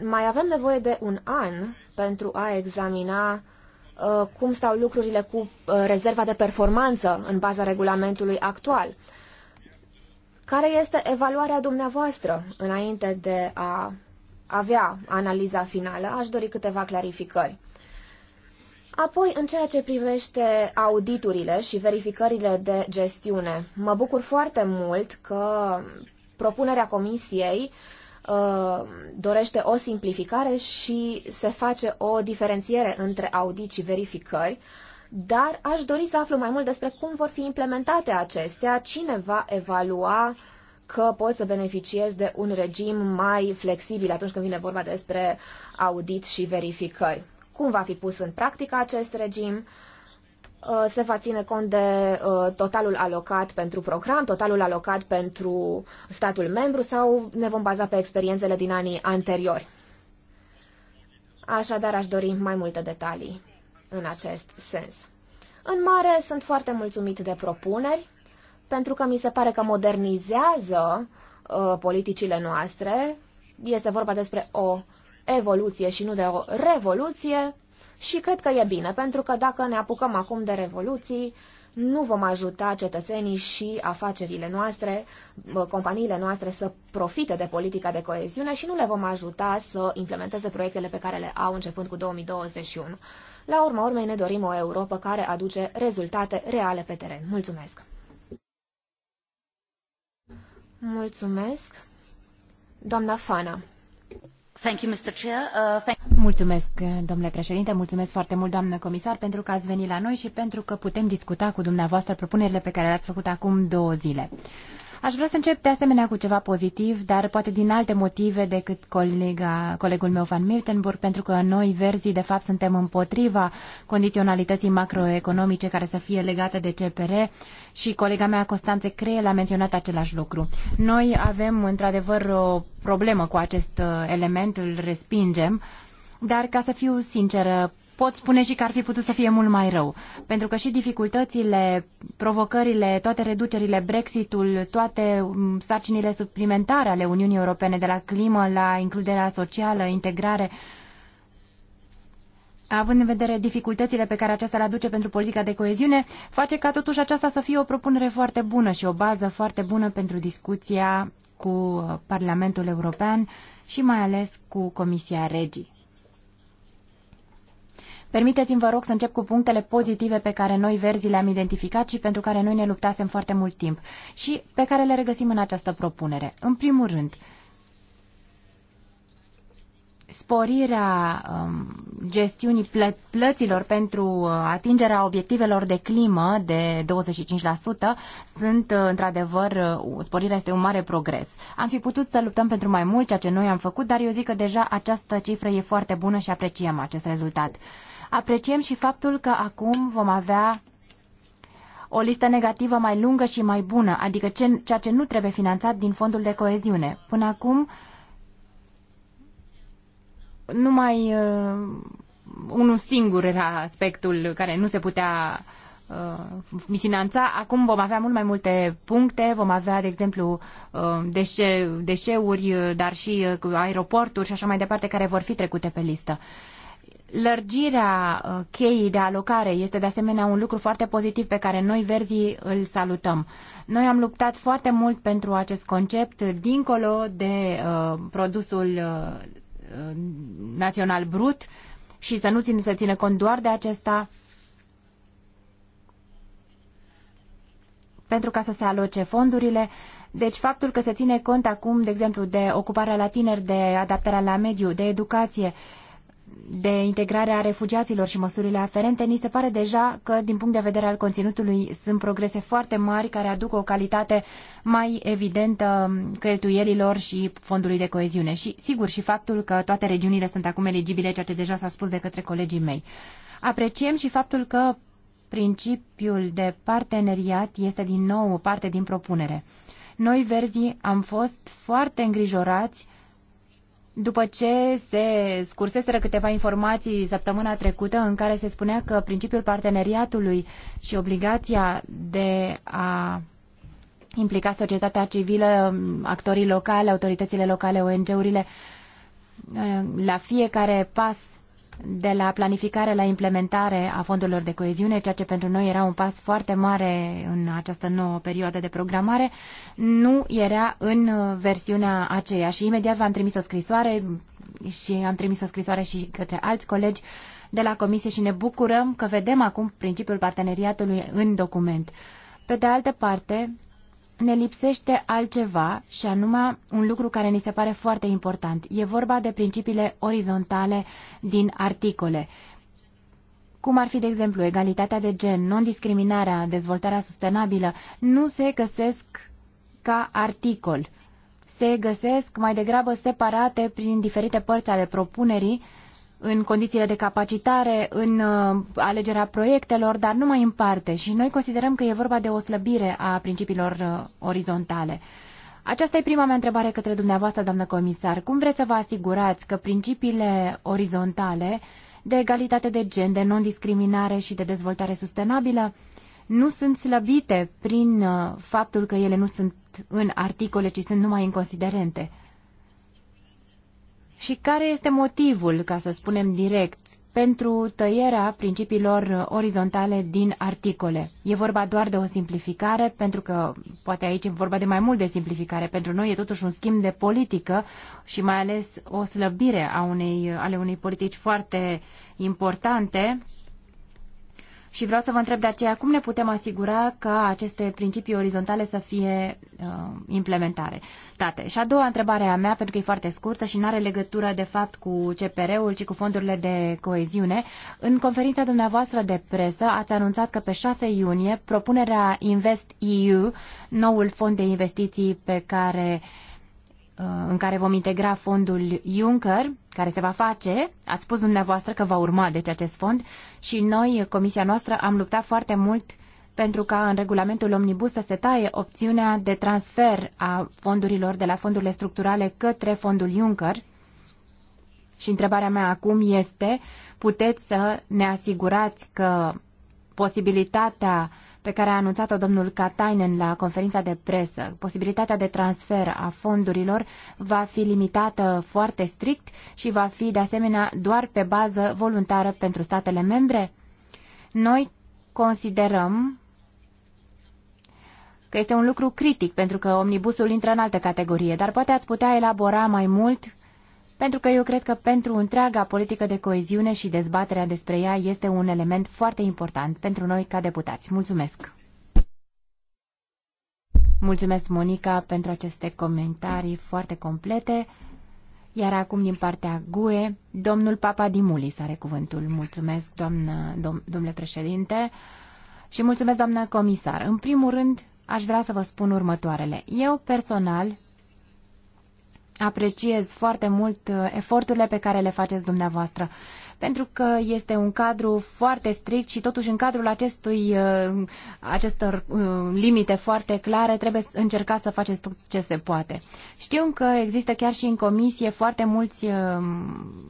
Mai avem nevoie de un an pentru a examina uh, cum stau lucrurile cu uh, rezerva de performanță în baza regulamentului actual. Care este evaluarea dumneavoastră înainte de a avea analiza finală? Aș dori câteva clarificări. Apoi, în ceea ce privește auditurile și verificările de gestiune, mă bucur foarte mult că propunerea comisiei uh, dorește o simplificare și se face o diferențiere între audit și verificări, dar aș dori să aflu mai mult despre cum vor fi implementate acestea, cine va evalua că pot să beneficiez de un regim mai flexibil atunci când vine vorba despre audit și verificări cum va fi pus în practică acest regim, uh, se va ține cont de uh, totalul alocat pentru program, totalul alocat pentru statul membru sau ne vom baza pe experiențele din anii anteriori. Așadar, aș dori mai multe detalii în acest sens. În mare, sunt foarte mulțumit de propuneri, pentru că mi se pare că modernizează uh, politicile noastre. Este vorba despre o evoluție și nu de o revoluție și cred că e bine, pentru că dacă ne apucăm acum de revoluții, nu vom ajuta cetățenii și afacerile noastre, companiile noastre să profite de politica de coeziune și nu le vom ajuta să implementeze proiectele pe care le au începând cu 2021. La urma urmei ne dorim o Europa care aduce rezultate reale pe teren. Mulțumesc! Mulțumesc! Doamna Fana Uh, mulțumesc, domnule președinte, mulțumesc foarte mult, doamnă comisar, pentru că ați venit la noi și pentru că putem discuta cu dumneavoastră propunerile pe care le-ați făcut acum două zile. Aș vrea să încep de asemenea cu ceva pozitiv, dar poate din alte motive decât colega, colegul meu Van Miltenburg, pentru că noi, verzii, de fapt, suntem împotriva condiționalității macroeconomice care să fie legate de CPR și colega mea, Constanțe Creel, a menționat același lucru. Noi avem, într-adevăr, o problemă cu acest element, îl respingem, dar, ca să fiu sinceră, pot spune și că ar fi putut să fie mult mai rău. Pentru că și dificultățile, provocările, toate reducerile, Brexitul, toate mm, sarcinile suplimentare ale Uniunii Europene, de la climă la includerea socială, integrare, având în vedere dificultățile pe care aceasta le aduce pentru politica de coeziune, face ca totuși aceasta să fie o propunere foarte bună și o bază foarte bună pentru discuția cu Parlamentul European și mai ales cu Comisia Regii. Permiteți-mi, vă rog, să încep cu punctele pozitive pe care noi, verzii, le-am identificat și pentru care noi ne luptasem foarte mult timp și pe care le regăsim în această propunere. În primul rând, sporirea um, gestiunii plă- plăților pentru uh, atingerea obiectivelor de climă de 25% sunt uh, într-adevăr, uh, sporirea este un mare progres. Am fi putut să luptăm pentru mai mult, ceea ce noi am făcut, dar eu zic că deja această cifră e foarte bună și apreciem acest rezultat. Apreciem și faptul că acum vom avea o listă negativă mai lungă și mai bună, adică ceea ce nu trebuie finanțat din fondul de coeziune. Până acum, numai uh, unul singur era aspectul care nu se putea uh, finanța. Acum vom avea mult mai multe puncte, vom avea, de exemplu, uh, deșe, deșeuri, uh, dar și uh, aeroporturi și așa mai departe, care vor fi trecute pe listă. Uh, Lărgirea uh, cheii de alocare este de asemenea un lucru foarte pozitiv pe care noi verzii îl salutăm. Noi am luptat foarte mult pentru acest concept dincolo de uh, produsul uh, uh național brut și să nu ține, să ține cont doar de acesta pentru ca să se aloce fondurile. Deci faptul că se ține cont acum, de exemplu, de ocuparea la tineri, de adaptarea la mediu, de educație, uh, de integrare a refugiaților și măsurile aferente, ni se pare deja că, din punct de vedere al conținutului, sunt progrese foarte mari care aduc o calitate mai evidentă cheltuielilor și fondului de coeziune. Și, sigur, și faptul că toate regiunile sunt acum eligibile, ceea ce deja s-a spus de către colegii mei. Apreciem și faptul că principiul de parteneriat este din nou o parte din propunere. Noi, verzii, am fost foarte îngrijorați după ce se scurseseră câteva informații săptămâna trecută în care se spunea că principiul parteneriatului și obligația de a implica societatea civilă, actorii locale, autoritățile locale, ONG-urile, la fiecare pas de la planificare la implementare a fondurilor de coeziune, ceea ce pentru noi era un pas foarte mare în această nouă perioadă de programare, nu era în uh, versiunea aceea și imediat v-am trimis o scrisoare și am trimis o scrisoare și către alți colegi de la comisie și ne bucurăm că vedem acum principiul parteneriatului în document. Pe de altă parte, ne lipsește altceva și anume un lucru care ni se pare foarte important. E vorba de principiile orizontale din articole cum ar fi, de exemplu, egalitatea de gen, non-discriminarea, dezvoltarea sustenabilă, nu se găsesc ca articol. Se găsesc mai degrabă separate prin diferite părți ale propunerii în condițiile de capacitare, în uh, alegerea proiectelor, dar numai în parte. Și noi considerăm că e vorba de o slăbire a principiilor uh, orizontale. Aceasta e prima mea întrebare către dumneavoastră, doamnă comisar. Cum vreți să vă asigurați că principiile orizontale de egalitate de gen, de non-discriminare și de dezvoltare sustenabilă nu sunt slăbite prin uh, faptul că ele nu sunt în articole, ci sunt numai în considerente? Și care este motivul, ca să spunem direct, pentru tăierea principiilor orizontale din articole. E vorba doar de o simplificare, pentru că poate aici e vorba de mai mult de simplificare. Pentru noi e totuși un schimb de politică și mai ales o slăbire a unei, ale unei politici foarte importante și vreau să vă întreb de aceea cum ne putem asigura ca aceste principii orizontale să fie uh, implementare. Tate. Și a doua întrebare a mea, pentru că e foarte scurtă și nu are legătură de fapt cu CPR-ul, ci cu fondurile de coeziune. În conferința dumneavoastră de presă ați anunțat că pe 6 iunie propunerea Invest EU, noul fond de investiții pe care uh, Uh, în care vom integra fondul Juncker, care se va face, ați spus dumneavoastră că va urma deci acest fond și noi, comisia noastră, am luptat foarte mult pentru ca în regulamentul omnibus să se taie opțiunea de transfer a fondurilor de la fondurile structurale către fondul Juncker. Și întrebarea mea acum este, puteți să ne asigurați că posibilitatea uh, pe care a anunțat-o domnul Katainen la conferința de presă. Posibilitatea de transfer a fondurilor va fi limitată foarte strict și va fi de asemenea doar pe bază voluntară pentru statele membre? Noi considerăm că este un lucru critic pentru că omnibusul intră în altă categorie, dar poate ați putea elabora mai mult pentru că eu cred că pentru întreaga politică de coeziune și dezbaterea despre ea este un element foarte important pentru noi ca deputați. Mulțumesc! Mulțumesc, Monica, pentru aceste comentarii foarte complete. Iar acum, din partea GUE, domnul Papa Dimulis are cuvântul. Mulțumesc, doamnă, dom- domnule președinte, și mulțumesc, doamnă comisar. În primul rând, aș vrea să vă spun următoarele. Eu, personal, apreciez foarte mult uh, eforturile pe care le faceți dumneavoastră pentru că este un cadru foarte strict și totuși în cadrul acestui, uh, acestor uh, limite foarte clare trebuie să încercați să faceți tot ce se poate. Știu că există chiar și în comisie foarte mulți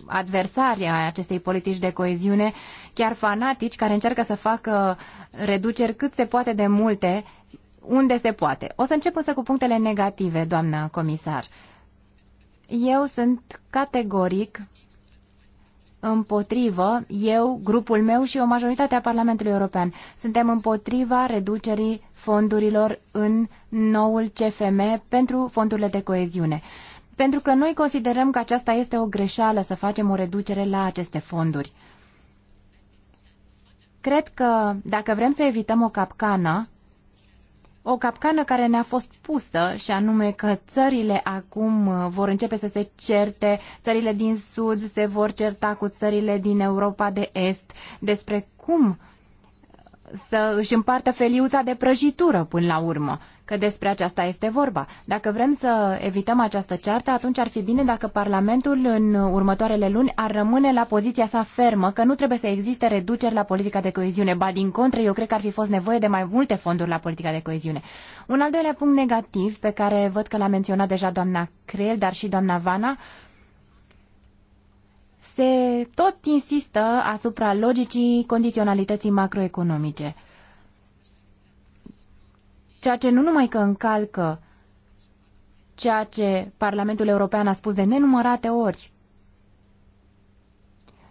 adversari ai acestei politici de coeziune, chiar fanatici care încearcă să facă reduceri cât se poate de multe unde se poate. O să încep însă cu punctele negative, doamnă comisar. Eu sunt categoric împotrivă, eu, grupul meu și o majoritate a Parlamentului European. Suntem împotriva reducerii fondurilor în noul CFM pentru fondurile de coeziune. Pentru că noi considerăm că aceasta este o greșeală să facem o reducere la aceste fonduri. Cred că dacă vrem să evităm o capcană, o capcană care ne-a fost pusă și anume că țările acum uh, vor începe să se certe, țările din Sud se vor certa cu țările din Europa de Est despre cum uh, să își împartă feliuța de prăjitură până la urmă, că despre aceasta este vorba. Dacă vrem să evităm această ceartă, atunci ar fi bine dacă Parlamentul în următoarele luni ar rămâne la poziția sa fermă, că nu trebuie să existe reduceri la politica de coeziune. Ba din contră, eu cred că ar fi fost nevoie de mai multe fonduri la politica de coeziune. Un al doilea punct negativ pe care văd că l-a menționat deja doamna Creel, dar și doamna Vana, uh, se tot insistă asupra logicii condiționalității macroeconomice. Ceea ce nu numai că încalcă ceea ce Parlamentul European a spus de nenumărate ori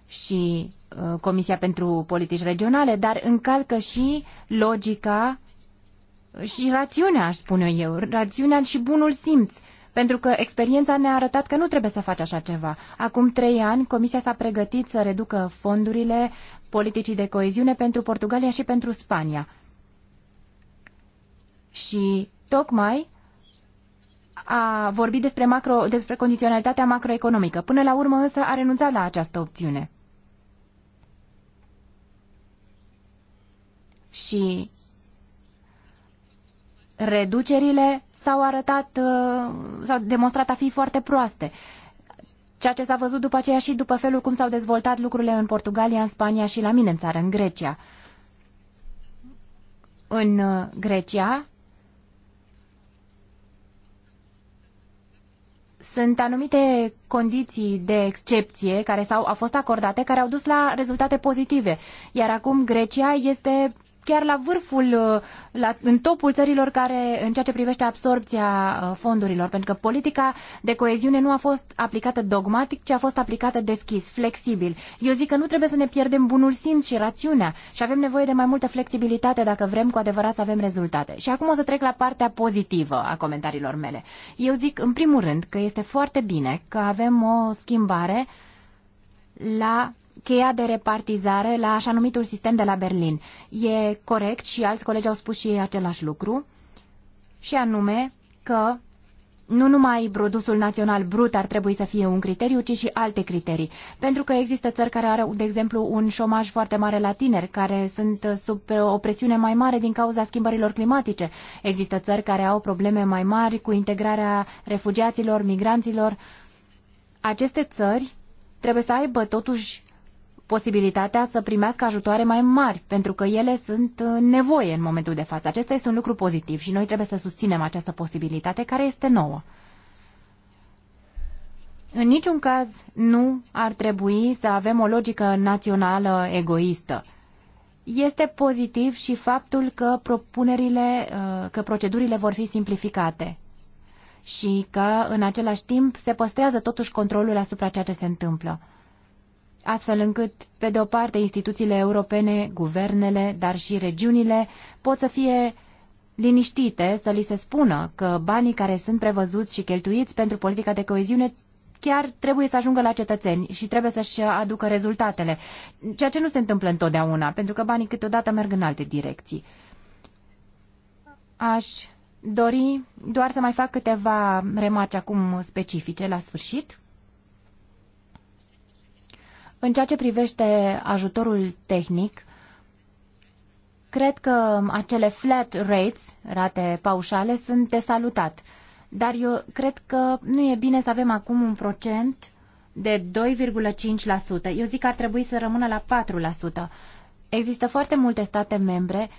și uh, Comisia pentru Politici Regionale, dar încalcă și logica și rațiunea, aș spune eu, rațiunea și bunul simț pentru că experiența ne-a arătat că nu trebuie să faci așa ceva. Acum trei ani, Comisia s-a pregătit să reducă fondurile politicii de coeziune pentru Portugalia și pentru Spania. Și tocmai a vorbit despre, macro, despre condiționalitatea macroeconomică. Până la urmă însă a renunțat la această opțiune. Și reducerile s-au arătat, uh, s-au demonstrat a fi foarte proaste. Ceea ce s-a văzut după aceea și după felul cum s-au dezvoltat lucrurile în Portugalia, în Spania și la mine în țară, în Grecia. În uh, Grecia sunt anumite condiții de excepție care s-au, au fost acordate, care au dus la rezultate pozitive. Iar acum Grecia este chiar la vârful, uh, la, în topul țărilor care, în ceea ce privește absorpția uh, fondurilor, pentru că politica de coeziune nu a fost aplicată dogmatic, ci a fost aplicată deschis, flexibil. Eu zic că nu trebuie să ne pierdem bunul simț și rațiunea și avem nevoie de mai multă flexibilitate dacă vrem cu adevărat să avem rezultate. Și acum o să trec la partea pozitivă a comentariilor mele. Eu zic, în primul rând, că este foarte bine că avem o schimbare la cheia de repartizare la așa numitul sistem de la Berlin. E corect și alți colegi au spus și ei același lucru, și anume că nu numai produsul național brut ar trebui să fie un criteriu, ci și alte criterii. Pentru că există țări care au, de exemplu, un șomaj foarte mare la tineri, care sunt sub o presiune mai mare din cauza schimbărilor climatice. Există țări care au probleme mai mari cu integrarea refugiaților, migranților. Aceste țări trebuie să aibă totuși posibilitatea să primească ajutoare mai mari, pentru că ele sunt uh, nevoie în momentul de față. Acesta este un lucru pozitiv și noi trebuie să susținem această posibilitate care este nouă. În niciun caz nu ar trebui să avem o logică națională egoistă. Este pozitiv și faptul că propunerile, uh, că procedurile vor fi simplificate și că în același timp se păstrează totuși controlul asupra ceea ce se întâmplă astfel încât, pe de o parte, instituțiile europene, guvernele, dar și regiunile pot să fie liniștite, să li se spună că banii care sunt prevăzuți și cheltuiți pentru politica de coeziune chiar trebuie să ajungă la cetățeni și trebuie să-și aducă rezultatele, ceea ce nu se întâmplă întotdeauna, pentru că banii câteodată merg în alte direcții. Aș dori doar să mai fac câteva remarci acum specifice la sfârșit. În ceea ce privește ajutorul tehnic, cred că acele flat rates, rate paușale, sunt de salutat. Dar eu cred că nu e bine să avem acum un procent de 2,5%. Eu zic că ar trebui să rămână la 4%. Există foarte multe state membre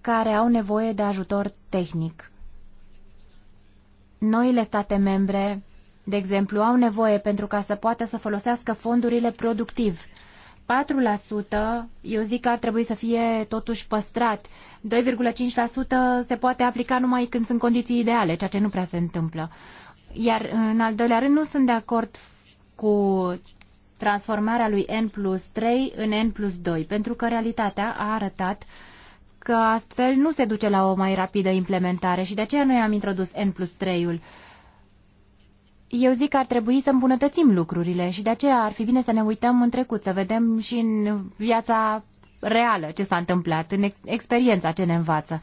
care au nevoie de ajutor tehnic. Noile state membre de exemplu, au nevoie pentru ca să poată să folosească fondurile productiv. 4% eu zic că ar trebui să fie totuși păstrat. 2,5% se poate aplica numai când sunt condiții ideale, ceea ce nu prea se întâmplă. Iar în al doilea rând nu sunt de acord cu transformarea lui N plus 3 în N plus 2, pentru că realitatea a arătat că astfel nu se duce la o mai rapidă implementare și de aceea noi am introdus N plus 3-ul eu zic că ar trebui să îmbunătățim lucrurile și de aceea ar fi bine să ne uităm în trecut, să vedem și în viața reală ce s-a întâmplat, în experiența ce ne învață.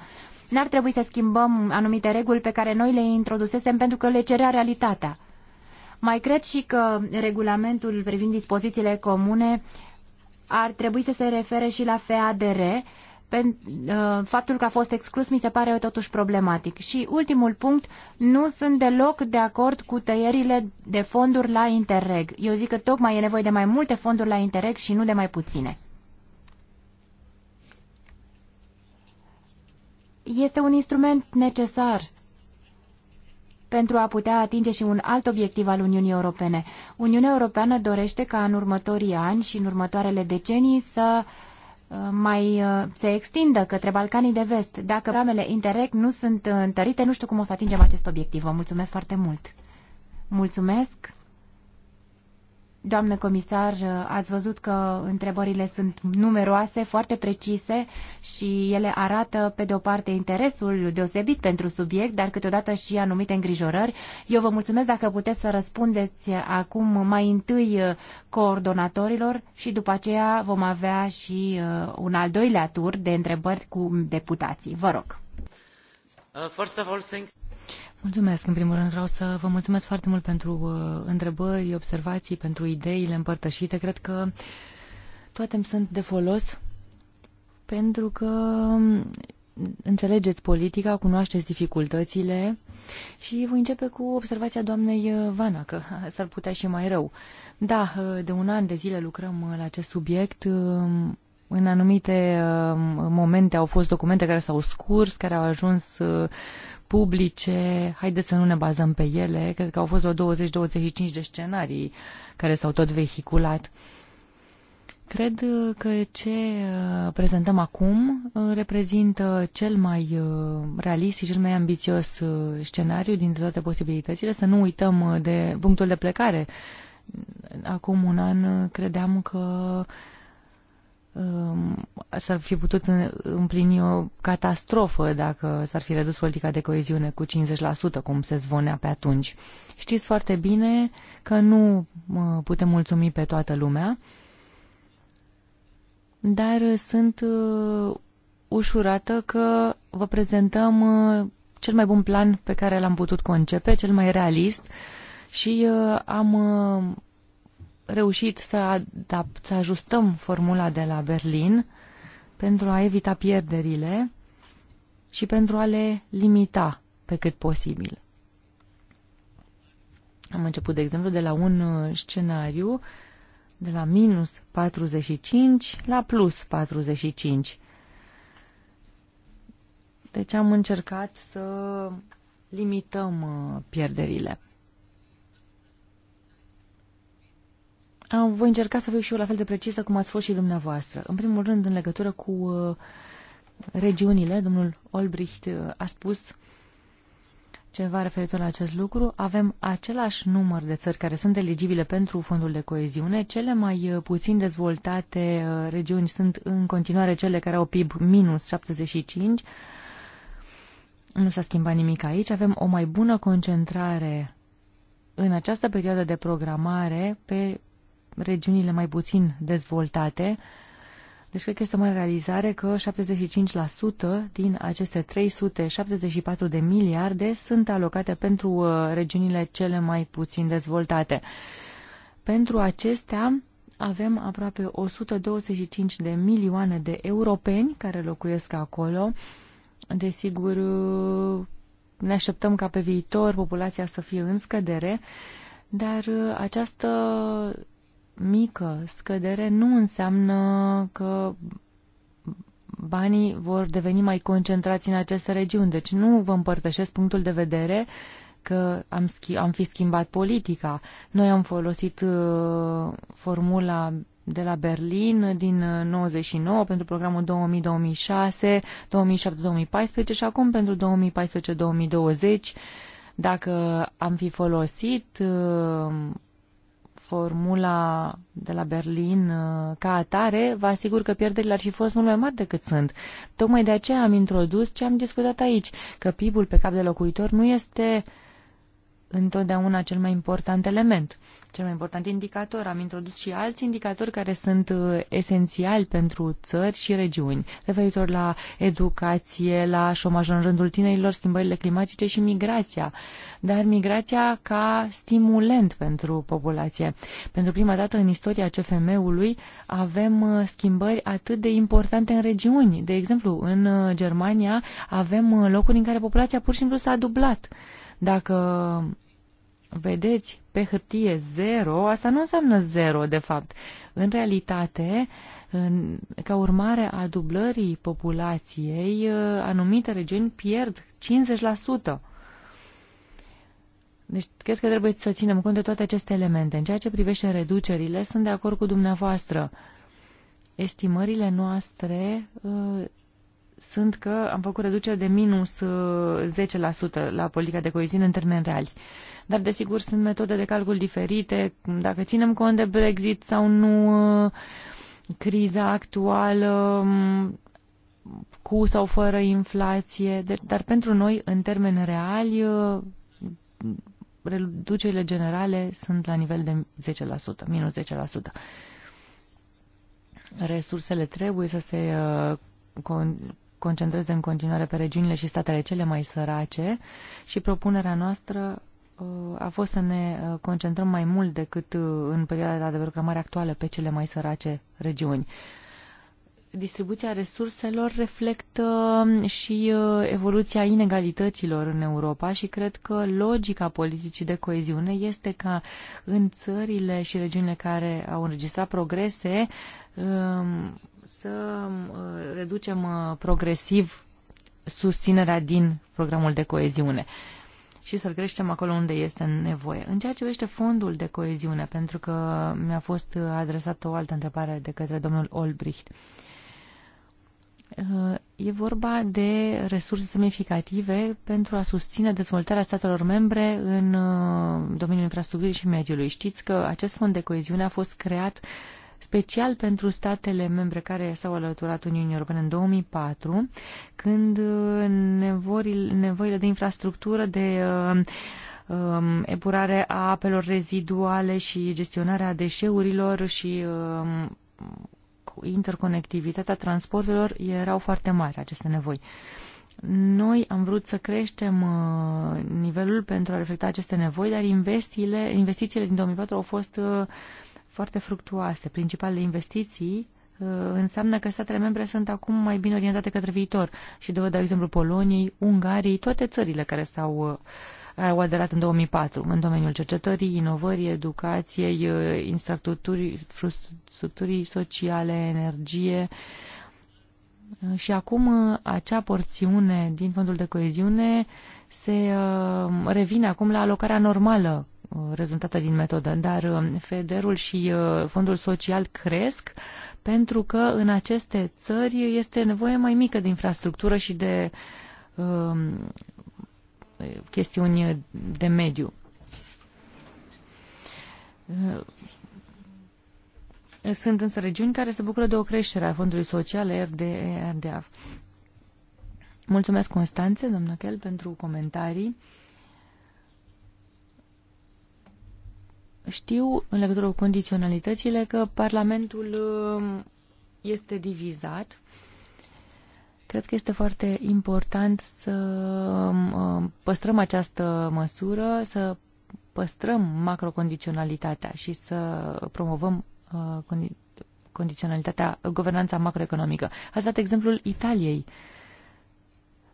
N-ar trebui să schimbăm anumite reguli pe care noi le introdusesem pentru că le cerea realitatea. Mai cred și că regulamentul privind dispozițiile comune ar trebui să se refere și la FADR, Uh, faptul că a fost exclus mi se pare totuși problematic. Și ultimul punct, nu sunt deloc de acord cu tăierile de fonduri la Interreg. Eu zic că tocmai e nevoie de mai multe fonduri la Interreg și nu de mai puține. Este un instrument necesar pentru a putea atinge și un alt obiectiv al Uniunii Europene. Uniunea Europeană dorește ca în următorii ani și în următoarele decenii să uh, mai uh, se extindă către Balcanii de Vest. Dacă programele Interreg nu sunt uh, întărite, nu știu cum o să atingem acest obiectiv. Vă mulțumesc foarte mult! Mulțumesc! Doamnă comisar, ați văzut că întrebările sunt numeroase, foarte precise și ele arată, pe de o parte, interesul deosebit pentru subiect, dar câteodată și anumite îngrijorări. Eu vă mulțumesc dacă puteți să răspundeți acum mai întâi coordonatorilor și după aceea vom avea și uh, un al doilea tur de întrebări cu deputații. Vă rog. Uh, first of all, thank Mulțumesc. În primul rând vreau să vă mulțumesc foarte mult pentru uh, întrebări, observații, pentru ideile împărtășite. Cred că toate îmi sunt de folos pentru că um, înțelegeți politica, cunoașteți dificultățile și voi începe cu observația doamnei uh, Vana, că s-ar putea și mai rău. Da, uh, de un an de zile lucrăm uh, la acest subiect. Um, în anumite um, momente au fost documente care s-au scurs, care au ajuns publice, haideți să nu ne bazăm pe ele, cred că au fost o 20-25 de scenarii care s-au tot vehiculat. Cred că ce uh, prezentăm acum uh, reprezintă cel mai uh, realist și cel mai ambițios scenariu dintre toate posibilitățile. Să nu uităm de punctul de plecare. Acum un an credeam că uh, Um, s-ar fi putut împlini o catastrofă dacă s-ar fi redus politica de coeziune cu 50%, cum se zvonea pe atunci. Știți foarte bine că nu putem mulțumi pe toată lumea, dar sunt uh, ușurată că vă prezentăm uh, cel mai bun plan pe care l-am putut concepe, cel mai realist și uh, am reușit să, adapt, să ajustăm formula de la Berlin pentru a evita pierderile și pentru a le limita pe cât posibil. Am început, de exemplu, de la un uh, scenariu de la minus 45 la plus 45. Deci am încercat să limităm uh, pierderile. Am, voi încerca să fiu și eu la fel de precisă cum ați fost și dumneavoastră. În primul rând, în legătură cu uh, regiunile, domnul Olbricht uh, a spus ceva referitor la acest lucru. Avem același număr de țări care sunt eligibile pentru fondul de coeziune. Cele mai uh, puțin dezvoltate uh, regiuni sunt în continuare cele care au PIB minus 75. Nu s-a schimbat nimic aici. Avem o mai bună concentrare în această perioadă de programare pe regiunile mai puțin dezvoltate. Deci cred că este o mare realizare că 75% din aceste 374 de miliarde sunt alocate pentru uh, regiunile cele mai puțin dezvoltate. Pentru acestea avem aproape 125 de milioane de europeni care locuiesc acolo. Desigur, uh, ne așteptăm ca pe viitor populația să fie în scădere, dar uh, această mică scădere nu înseamnă că banii vor deveni mai concentrați în aceste regiuni. Deci nu vă împărtășesc punctul de vedere că am, schi- am fi schimbat politica. Noi am folosit uh, formula de la Berlin din 99 uh, pentru programul 2000-2006, 2007-2014 și acum pentru 2014-2020. Dacă am fi folosit uh, formula de la Berlin uh, ca atare, vă asigur că pierderile ar fi fost mult mai mari decât sunt. Tocmai de aceea am introdus ce am discutat aici, că PIB-ul pe cap de locuitor nu este întotdeauna cel mai important element cel mai important indicator. Am introdus și alți indicatori care sunt uh, esențiali pentru țări și regiuni, referitor la educație, la șomaj în rândul tinerilor, schimbările climatice și migrația. Dar migrația ca stimulent pentru populație. Pentru prima dată în istoria CFM-ului avem uh, schimbări atât de importante în regiuni. De exemplu, în uh, Germania avem locuri în care populația pur și simplu s-a dublat. Dacă vedeți pe hârtie 0, asta nu înseamnă 0, de fapt. În realitate, în, ca urmare a dublării populației, uh, anumite regiuni pierd 50%. Deci, cred că trebuie să ținem cont de toate aceste elemente. În ceea ce privește reducerile, sunt de acord cu dumneavoastră. Estimările noastre uh, sunt că am făcut reduceri de minus uh, 10% la politica de coeziune în termeni reali. Uh, dar desigur sunt metode de calcul diferite, dacă ținem cont de Brexit sau nu, uh, criza actuală, um, cu sau fără inflație, dar pentru noi, în termeni reali, uh, reducerile generale sunt la nivel de 10%, minus 10%. Resursele trebuie să se uh, concentreze în continuare pe regiunile și statele cele mai sărace și propunerea noastră Uh, a fost să ne uh, concentrăm mai mult decât uh, în perioada de programare actuală pe cele mai sărace regiuni. Distribuția resurselor reflectă um, și evoluția inegalităților în Europa și cred că logica politicii de coeziune este ca în țările și regiunile care au înregistrat progrese um, să um, reducem progresiv susținerea din programul de coeziune și să-l creștem acolo unde este nevoie. În ceea ce vește fondul de coeziune, pentru că mi-a fost adresată o altă întrebare de către domnul Olbricht. E vorba de resurse semnificative pentru a susține dezvoltarea statelor membre în uh, domeniul infrastructurii și mediului. Știți că acest fond de coeziune a fost creat special pentru statele membre care s-au alăturat Uniunii Europene în 2004, când uh, nevoile de infrastructură, de uh, um, epurare a apelor reziduale și gestionarea deșeurilor și um, interconectivitatea transporturilor erau foarte mari aceste nevoi. Noi am vrut să creștem uh, nivelul pentru a reflecta aceste nevoi, dar investițiile din 2004 au fost foarte fructuoase. Principalele investiții uh, înseamnă că statele membre sunt acum mai bine orientate către viitor. Și de vă dau exemplu Poloniei, Ungariei, toate țările care s-au uh, au aderat în 2004 în domeniul cercetării, inovării, educației, uh, infrastructurii sociale, energie. Și acum acea porțiune din fondul de coeziune se revine acum la alocarea normală rezultate din metodă, dar uh, federul și uh, fondul social cresc pentru că în aceste țări este nevoie mai mică de infrastructură și de um, chestiuni de mediu. Uh, sunt însă regiuni care se bucură de o creștere a fondului social RDE, RDAF. Mulțumesc, Constanțe, doamna Chel, pentru comentarii. Știu, în legătură cu condiționalitățile, că Parlamentul um, este divizat. Cred că este foarte important să um, um, păstrăm această măsură, să păstrăm macrocondiționalitatea și să promovăm uh, condiționalitatea, guvernanța macroeconomică. Ați dat exemplul Italiei.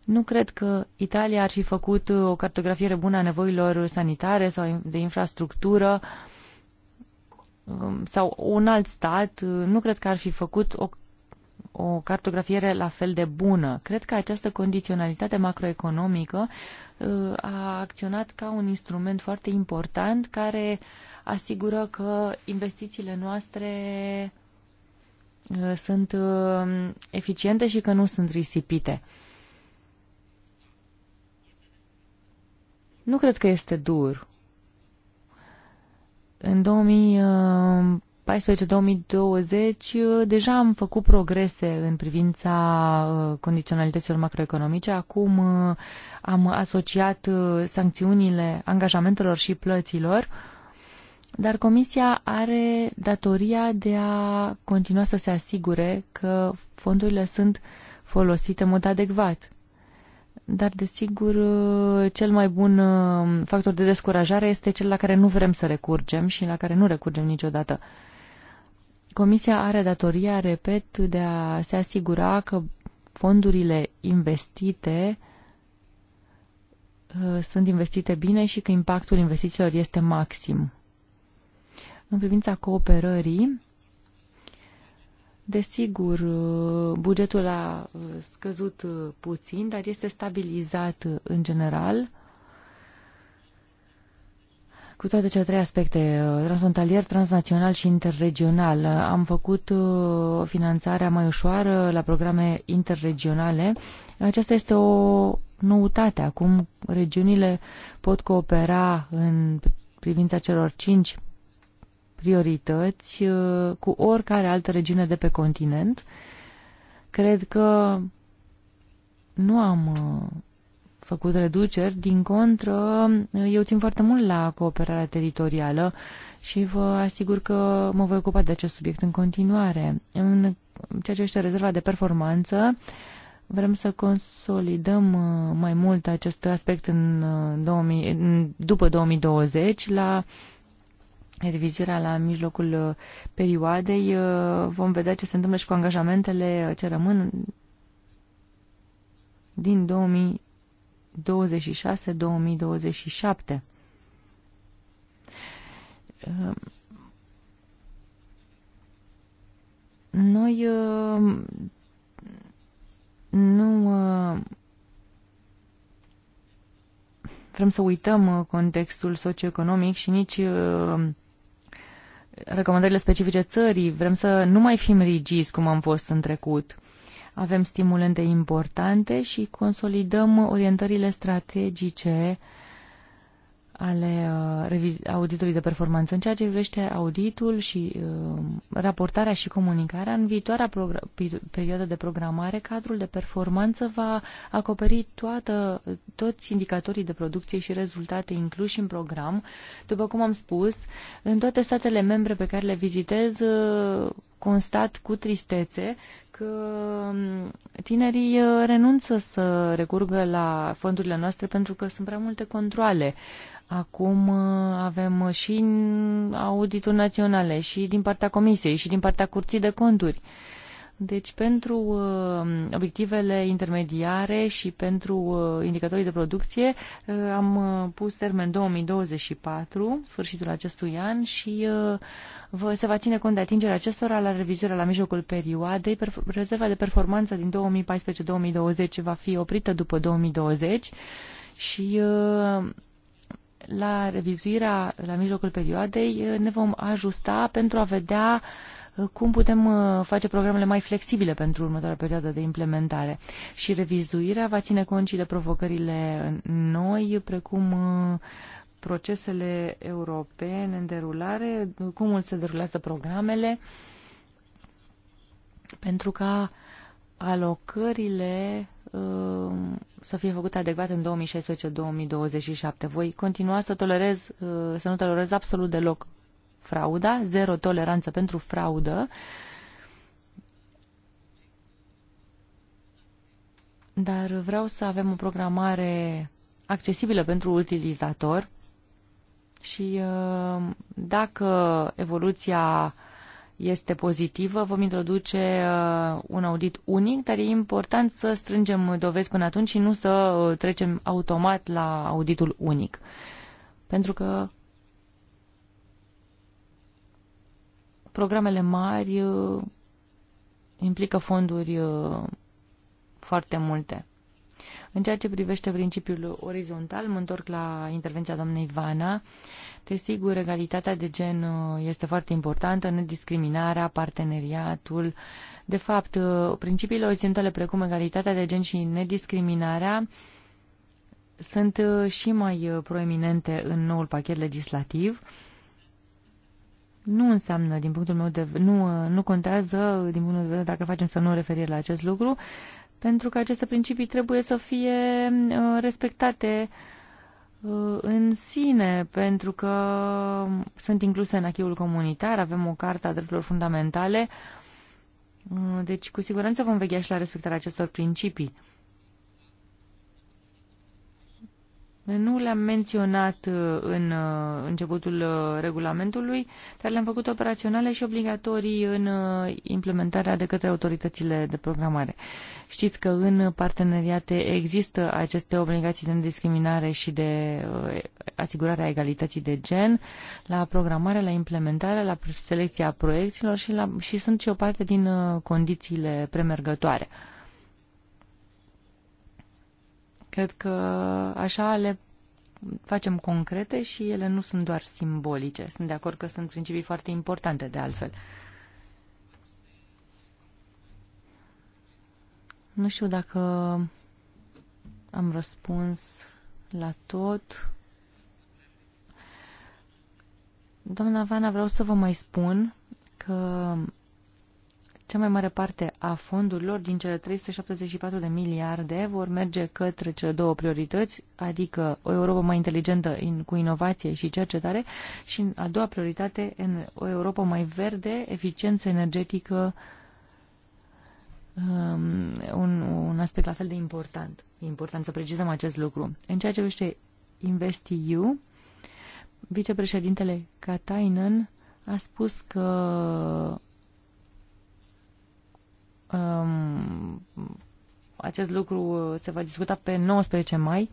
Nu cred că Italia ar fi făcut uh, o cartografiere bună a nevoilor sanitare sau de infrastructură um, sau un alt stat. Uh, nu cred că ar fi făcut o, o cartografiere la fel de bună. Cred că această condiționalitate macroeconomică uh, a acționat ca un instrument foarte important care asigură că investițiile noastre sunt eficiente și că nu sunt risipite. Nu cred că este dur. În 2014-2020 uh, deja am făcut progrese în privința uh, condiționalităților macroeconomice. Acum uh, am asociat sancțiunile angajamentelor și plăților dar Comisia are datoria de a continua să se asigure că fondurile sunt folosite în mod adecvat. Dar, desigur, uh, cel mai bun uh, factor de descurajare este cel la care nu vrem să recurgem și la care nu recurgem niciodată. Comisia are datoria, repet, de a se asigura că fondurile investite uh, sunt investite bine și că impactul investițiilor este maxim. În privința cooperării, Desigur, uh, bugetul a uh, scăzut uh, puțin, dar este stabilizat în general cu toate cele trei aspecte, transfrontalier, transnațional și interregional. Am făcut finanțarea mai ușoară la programe interregionale. Aceasta este o noutate. Acum regiunile pot coopera în privința celor cinci priorități uh, cu oricare altă regiune de pe continent. Cred că nu am uh, făcut reduceri, din contră, uh, eu țin foarte mult la cooperarea teritorială și vă asigur că mă voi ocupa de acest subiect în continuare. În ceea ce este rezerva de performanță, vrem să consolidăm mai mult acest aspect în 2000, după 2020 la revizuirea la mijlocul uh, perioadei. Uh, vom vedea ce se întâmplă și cu angajamentele uh, ce rămân din 2026-2027. Noi nu vrem să uităm contextul socioeconomic și nici recomandările specifice țării, vrem să nu mai fim rigizi cum am fost în trecut. Avem stimulente importante și consolidăm orientările strategice uh, ale uh, auditului de performanță. În ceea ce privește auditul și uh, raportarea și comunicarea, în viitoarea perioadă de programare, cadrul de performanță va acoperi toată, toți indicatorii de producție și rezultate incluși în program. După cum am spus, în toate statele membre pe care le vizitez, uh, constat cu tristețe că um, tinerii renunță să recurgă la fondurile noastre pentru că sunt prea multe controle. Acum uh, avem și audituri naționale, și din partea Comisiei, și din partea Curții de Conturi. Deci pentru uh, obiectivele intermediare și pentru uh, indicatorii de producție am pus termen 2024, sfârșitul acestui an și se va ține cont de atingerea acestora la revizuirea la mijlocul perioadei. rezerva de performanță din 2014-2020 va fi oprită după 2020 și la revizuirea la mijlocul perioadei eh, ne vom ajusta pentru a vedea eh, cum putem eh, face programele mai flexibile pentru următoarea perioadă de implementare. Și revizuirea va ține cont și de provocările noi, precum procesele europene în derulare, cum se derulează programele, pentru ca alocările Uh, să fie făcut adecvat în 2016-2027. Voi continua să tolerez, uh, să nu tolerez absolut deloc frauda, zero toleranță pentru fraudă. Dar vreau să avem o programare accesibilă pentru utilizator și uh, dacă evoluția este pozitivă. Vom introduce uh, un audit unic, dar e important să strângem dovezi până atunci și nu să uh, trecem automat la auditul unic. Pentru că programele mari uh, implică fonduri foarte multe. În ceea ce privește principiul orizontal, mă întorc la intervenția doamnei Vana. Desigur, egalitatea de gen uh, este foarte importantă, nediscriminarea, parteneriatul. De fapt, uh, principiile orizontale precum egalitatea de gen și nediscriminarea sunt uh, și mai proeminente în noul pachet legislativ nu înseamnă, din punctul meu de nu, nu contează, din punctul de vedere, dacă facem să nu referire la acest lucru, pentru că aceste principii trebuie să fie uh, respectate uh, în sine, pentru că sunt incluse în achiul comunitar, avem o carte a drepturilor fundamentale, uh, deci cu siguranță vom veghea și la respectarea acestor principii. Nu le-am menționat uh, în uh, începutul uh, regulamentului, dar le-am făcut operaționale și obligatorii în implementarea de către autoritățile de programare. Știți că în parteneriate există aceste obligații de discriminare și de asigurarea egalității de gen la programare, la implementare, la selecția proiecțiilor și, la, și sunt și o parte din condițiile premergătoare. Cred că așa le facem concrete și ele nu sunt doar simbolice. Sunt de acord că sunt principii foarte importante de altfel. Nu știu dacă am răspuns la tot. Doamna Vana, vreau să vă mai spun că cea mai mare parte a fondurilor din cele 374 de miliarde vor merge către cele două priorități, adică o Europa mai inteligentă cu inovație și cercetare și a doua prioritate în o Europa mai verde, eficiență energetică, um, un, un aspect la fel de important. E important să precizăm acest lucru. În ceea ce privește InvestEU, vicepreședintele Katainen a spus că Um, acest lucru uh, se va discuta pe 19 mai.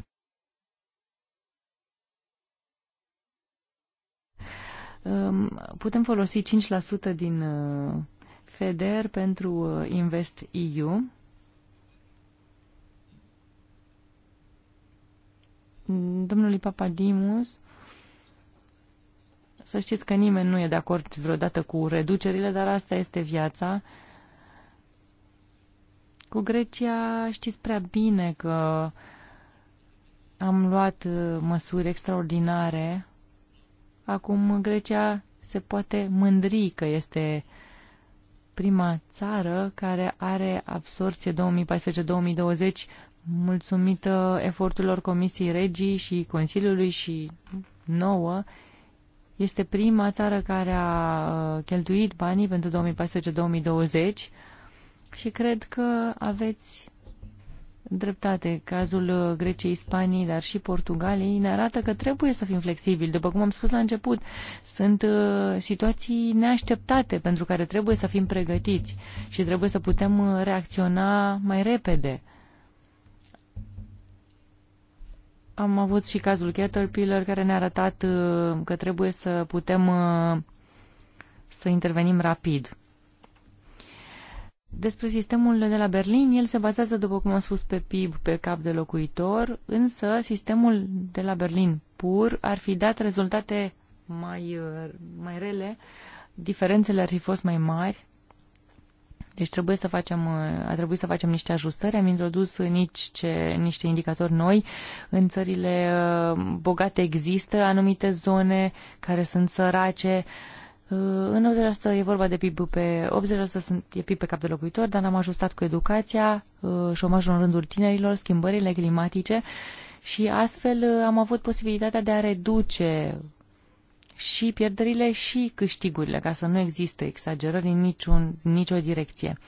Um, putem folosi 5% din uh, FEDER pentru uh, Invest EU. Domnului Papadimus, să știți că nimeni nu e de acord vreodată cu reducerile, dar asta este viața. Uh, cu Grecia știți prea bine că am luat uh, măsuri extraordinare. Acum Grecia se poate mândri că este prima țară care are absorție 2014-2020 mulțumită eforturilor Comisiei Regii și Consiliului și nouă. Este prima țară care a uh, cheltuit banii pentru 2014-2020 și cred că aveți dreptate. Cazul uh, Greciei, Spaniei, dar și Portugaliei ne arată că trebuie să fim flexibili. După cum am spus la început, sunt uh, situații neașteptate pentru care trebuie să fim pregătiți și trebuie să putem uh, reacționa mai repede. Am avut și cazul Caterpillar care ne-a arătat că trebuie să putem să intervenim rapid. Despre sistemul de la Berlin, el se bazează, după cum am spus, pe PIB, pe cap de locuitor, însă sistemul de la Berlin pur ar fi dat rezultate mai, uh, mai rele, diferențele ar fi fost mai mari, deci trebuie să facem, uh, a trebuit să facem niște ajustări, am introdus nici ce, niște indicatori noi. În țările uh, bogate există anumite zone care sunt sărace, Uh, în 80% e vorba de PIB pe 80% sunt, e PIB pe cap de locuitor, dar am ajustat cu educația, uh, șomajul în rândul tinerilor, schimbările climatice și astfel uh, am avut posibilitatea de a reduce și pierderile și câștigurile, ca să nu există exagerări în niciun, nicio direcție.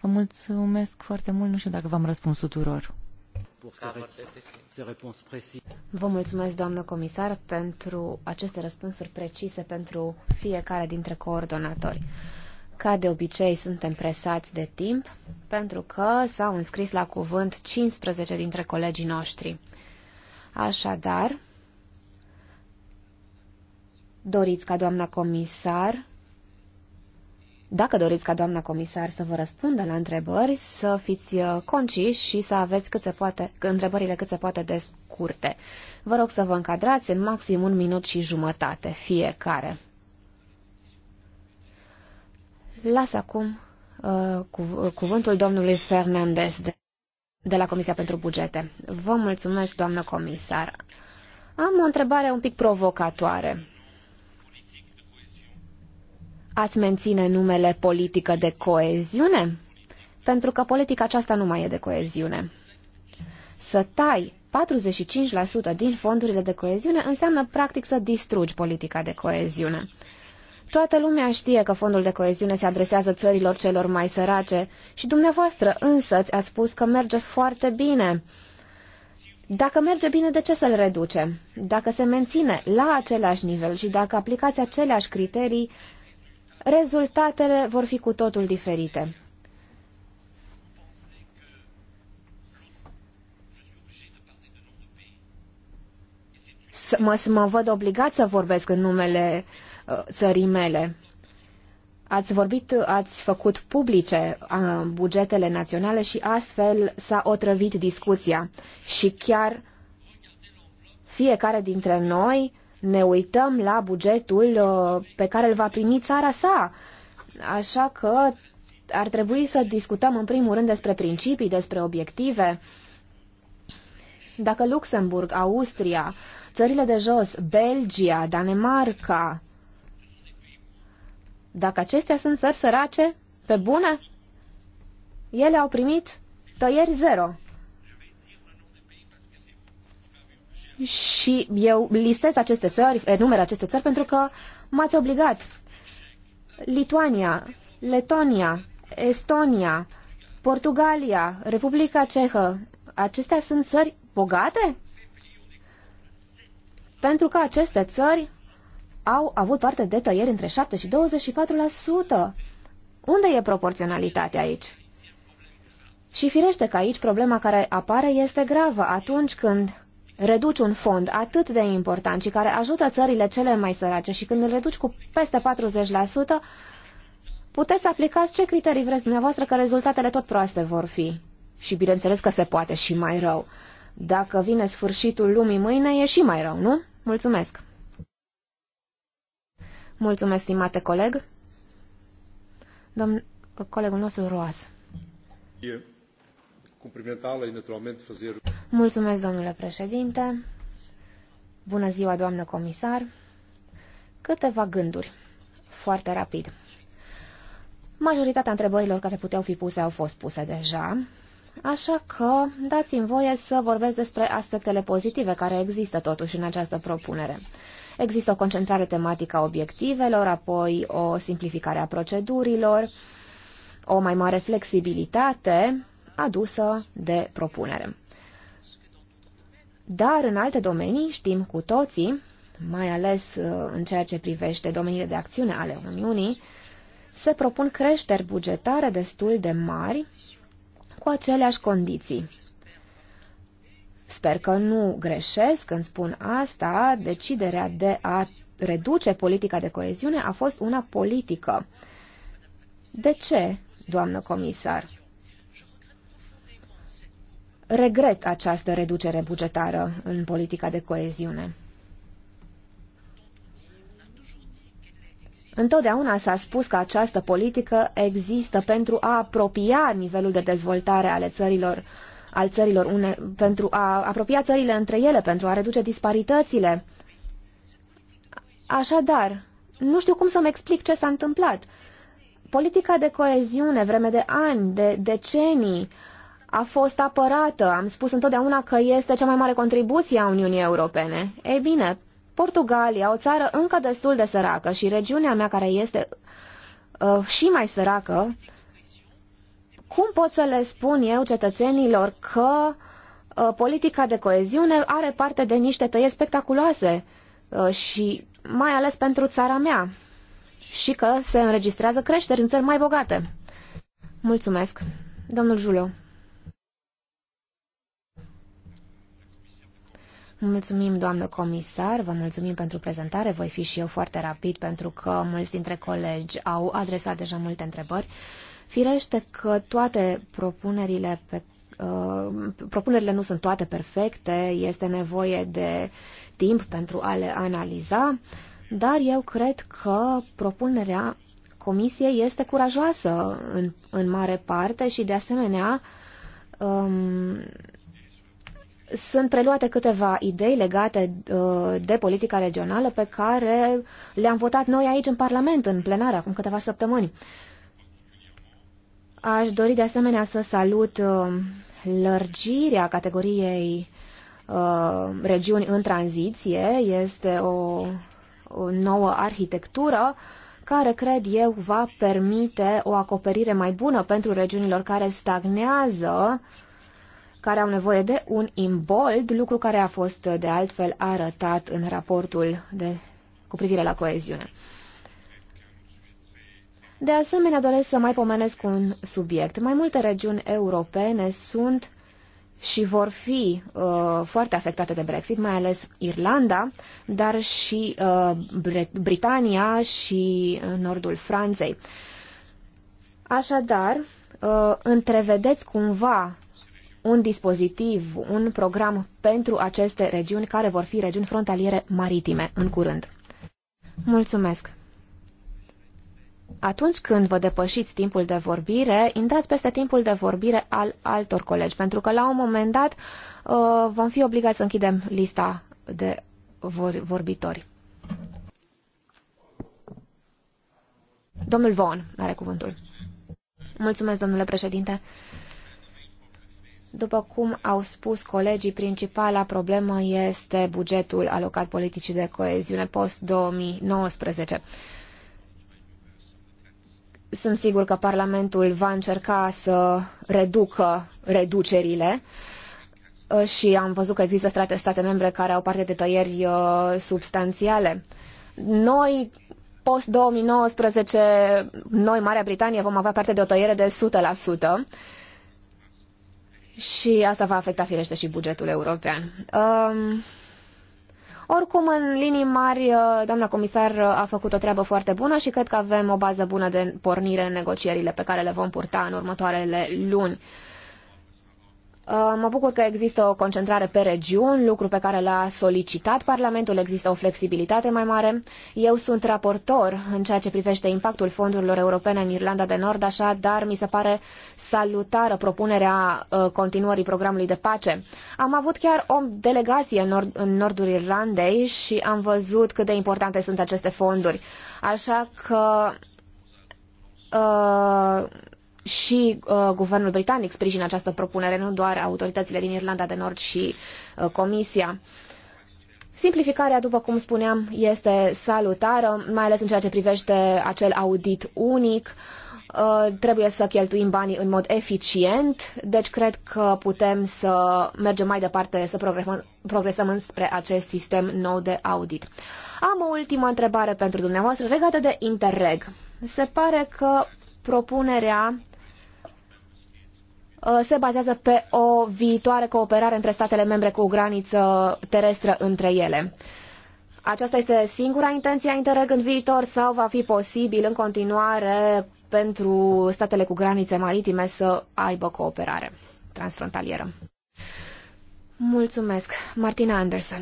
Vă mulțumesc foarte mult, nu știu dacă v-am răspuns tuturor. Bun, Vă mulțumesc, doamnă comisar, pentru aceste răspunsuri precise pentru fiecare dintre coordonatori. Ca de obicei, suntem presați de timp, pentru că s-au înscris la cuvânt 15 dintre colegii noștri. Așadar, doriți ca doamna comisar dacă doriți ca doamna comisar să vă răspundă la întrebări, să fiți uh, conciși și să aveți cât se poate, întrebările cât se poate de scurte. Vă rog să vă încadrați în maxim un minut și jumătate fiecare. Las acum uh, cuv cuvântul domnului Fernandez de, de la Comisia pentru Bugete. Vă mulțumesc, doamnă comisar. Am o întrebare un pic provocatoare ați menține numele politică de coeziune? Pentru că politica aceasta nu mai e de coeziune. Să tai 45% din fondurile de coeziune înseamnă practic să distrugi politica de coeziune. Toată lumea știe că fondul de coeziune se adresează țărilor celor mai sărace și dumneavoastră însăți ați spus că merge foarte bine. Dacă merge bine, de ce să-l reducem? Dacă se menține la același nivel și dacă aplicați aceleași criterii, rezultatele vor fi cu totul diferite. Mă, mă văd obligat să vorbesc în numele uh, țării mele. Ați vorbit, ați făcut publice uh, bugetele naționale și astfel s-a otrăvit discuția. Și chiar fiecare dintre noi ne uităm la bugetul uh, pe care îl va primi țara sa. Așa că ar trebui să discutăm în primul rând despre principii, despre obiective. Dacă Luxemburg, Austria, țările de jos, Belgia, Danemarca, dacă acestea sunt țări sărace, pe bune, ele au primit tăieri zero. și eu listez aceste țări, enumer aceste țări, pentru că m-ați obligat. Lituania, Letonia, Estonia, Portugalia, Republica Cehă, acestea sunt țări bogate? Pentru că aceste țări au avut parte de tăieri între 7 și 24%. Unde e proporționalitatea aici? Și firește că aici problema care apare este gravă atunci când reduci un fond atât de important și care ajută țările cele mai sărace și când îl reduci cu peste 40%, puteți aplicați ce criterii vreți dumneavoastră că rezultatele tot proaste vor fi. Și bineînțeles că se poate și mai rău. Dacă vine sfârșitul lumii mâine, e și mai rău, nu? Mulțumesc! Mulțumesc, stimate coleg. Domn... Colegul nostru Roas. Yeah cumprimentá naturalmente, fazer... Mulțumesc, domnule președinte. Bună ziua, doamnă comisar. Câteva gânduri, foarte rapid. Majoritatea întrebărilor care puteau fi puse au fost puse deja, așa că dați-mi voie să vorbesc despre aspectele pozitive care există totuși în această propunere. Există o concentrare tematică a obiectivelor, apoi o simplificare a procedurilor, o mai mare flexibilitate adusă de propunere. Dar în alte domenii știm cu toții, mai ales uh, în ceea ce privește domeniile de acțiune ale Uniunii, se propun creșteri bugetare destul de mari cu aceleași condiții. Sper că nu greșesc când spun asta, deciderea de a reduce politica de coeziune a fost una politică. De ce, doamnă comisar? regret această reducere bugetară în politica de coeziune. Întotdeauna s-a spus că această politică există pentru a apropia nivelul de dezvoltare ale țărilor, al țărilor une, pentru a apropia țările între ele, pentru a reduce disparitățile. Așadar, nu știu cum să-mi explic ce s-a întâmplat. Politica de coeziune, vreme de ani, de decenii, uh, a fost apărată. Am spus întotdeauna că este cea mai mare contribuție a Uniunii Europene. Ei bine, Portugalia, o țară încă destul de săracă și regiunea mea care este uh, și mai săracă, cum pot să le spun eu cetățenilor că uh, politica de coeziune are parte de niște tăieri spectaculoase uh, și mai ales pentru țara mea și că se înregistrează creșteri în țări mai bogate? Mulțumesc. Domnul Julio. Mulțumim, doamnă comisar, vă mulțumim pentru prezentare. Voi fi și eu foarte rapid pentru că mulți dintre colegi au adresat deja multe întrebări. Firește că toate propunerile pe Uh, propunerile nu sunt toate perfecte, este nevoie de timp pentru a le analiza, dar eu cred că propunerea comisiei este curajoasă în, în mare parte și de asemenea um, sunt preluate câteva idei legate uh, de politica regională pe care le-am votat noi aici în Parlament, în plenară, acum câteva săptămâni. Aș dori de asemenea să salut uh, lărgirea categoriei uh, regiuni în tranziție. Este o, o nouă arhitectură care, cred eu, va permite o acoperire mai bună pentru regiunilor care stagnează uh, care au nevoie de un imbold, lucru care a fost uh, de altfel arătat în raportul de, cu privire la coeziune. De asemenea, doresc să mai pomenesc un subiect. Mai multe regiuni europene sunt și vor fi uh, foarte afectate de Brexit, mai ales Irlanda, dar și uh, Britania și uh, nordul Franței. Așadar, uh, întrevedeți cumva un dispozitiv, un program pentru aceste regiuni care vor fi regiuni frontaliere maritime în curând. Mulțumesc! Atunci când vă depășiți timpul de vorbire, intrați peste timpul de vorbire al altor colegi, pentru că la un moment dat uh, vom fi obligați să închidem lista de vorbitori. Domnul Vaughan are cuvântul. Mulțumesc, domnule președinte. După cum au spus colegii, principala problemă este bugetul alocat politicii de coeziune post-2019. Sunt sigur că Parlamentul va încerca să reducă reducerile uh, și am văzut că există state, state membre care au parte de tăieri uh, substanțiale. Noi, post-2019, noi, Marea Britanie, vom avea parte de o tăiere de 100%. Și asta va afecta firește și bugetul european. Um, oricum, în linii mari, uh, doamna comisar uh, a făcut o treabă foarte bună și cred că avem o bază bună de pornire în negocierile pe care le vom purta în următoarele luni. Uh, Uh, mă bucur că există o concentrare pe regiuni, lucru pe care l-a solicitat Parlamentul, există o flexibilitate mai mare. Eu sunt raportor în ceea ce privește impactul fondurilor europene în Irlanda de Nord, așa, dar mi se pare salutară propunerea uh, continuării programului de pace. Am avut chiar o delegație în, nord, în nordul Irlandei și am văzut cât de importante sunt aceste fonduri. Așa că uh, și uh, guvernul britanic sprijină această propunere, nu doar autoritățile din Irlanda de Nord și uh, Comisia. Simplificarea, după cum spuneam, este salutară, mai ales în ceea ce privește acel audit unic. Uh, trebuie să cheltuim banii în mod eficient, deci cred că putem să mergem mai departe, să progresăm, progresăm înspre acest sistem nou de audit. Am o ultimă întrebare pentru dumneavoastră legată de Interreg. Se pare că propunerea Uh, se bazează pe o viitoare cooperare între statele membre cu o graniță terestră între ele. Aceasta este singura intenție a Interreg în viitor sau va fi posibil în continuare pentru statele cu granițe maritime să aibă cooperare transfrontalieră? Mulțumesc. Martina Anderson.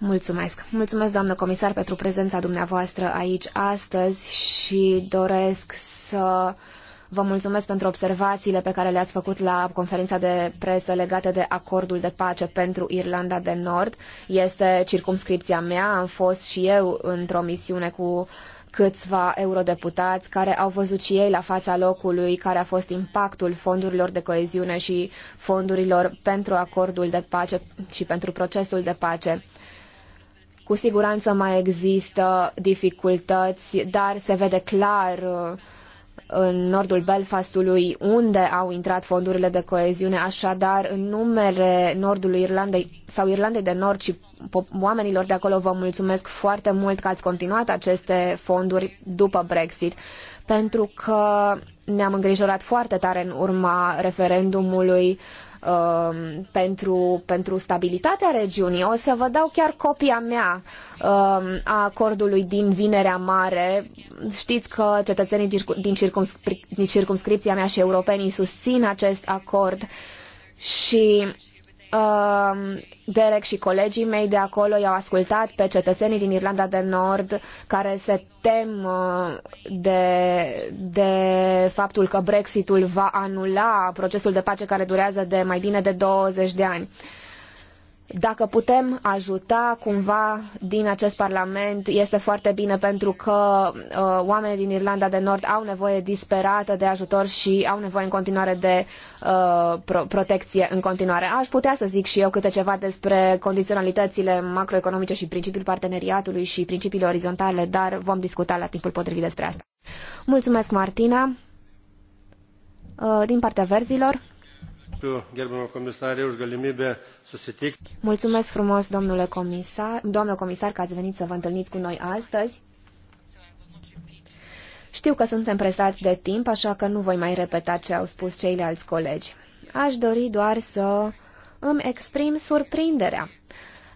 Mulțumesc. Mulțumesc, doamnă comisar, pentru prezența dumneavoastră aici astăzi și doresc să vă mulțumesc pentru observațiile pe care le-ați făcut la conferința de presă legată de acordul de pace pentru Irlanda de Nord. Este circumscripția mea, am fost și eu într-o misiune cu câțiva eurodeputați care au văzut și ei la fața locului care a fost impactul fondurilor de coeziune și fondurilor pentru acordul de pace și pentru procesul de pace. Cu siguranță mai există dificultăți, dar se vede clar uh, în nordul Belfastului unde au intrat fondurile de coeziune, așadar în numele nordului Irlandei sau Irlandei de Nord și oamenilor de acolo vă mulțumesc foarte mult că ați continuat aceste fonduri după Brexit, pentru că ne-am îngrijorat foarte tare în urma referendumului Um, pentru, pentru stabilitatea regiunii. O să vă dau chiar copia mea uh, a acordului din Vinerea Mare. Știți că cetățenii din, circumscri- din circumscripția mea și europenii susțin acest acord și Um, Derek și colegii mei de acolo i-au ascultat pe cetățenii din Irlanda de Nord care se tem uh, de, de faptul că Brexitul va anula procesul de pace care durează de mai bine de 20 de ani. Uh, dacă putem ajuta cumva din acest Parlament, este foarte bine pentru că uh, oamenii din Irlanda de Nord au nevoie disperată de ajutor și au nevoie în continuare de uh, protecție în continuare. Aș putea să zic și eu câte ceva despre condiționalitățile macroeconomice și principiul parteneriatului și principiile orizontale, dar vom discuta la timpul potrivit despre asta. Mulțumesc, Martina. Uh, din partea verzilor. Mulțumesc frumos, domnule comisar, doamnă comisar, că ați venit să vă întâlniți cu noi astăzi. Știu că suntem presați de timp, așa că nu voi mai repeta ce au spus ceilalți colegi. Aș dori doar să îmi exprim surprinderea.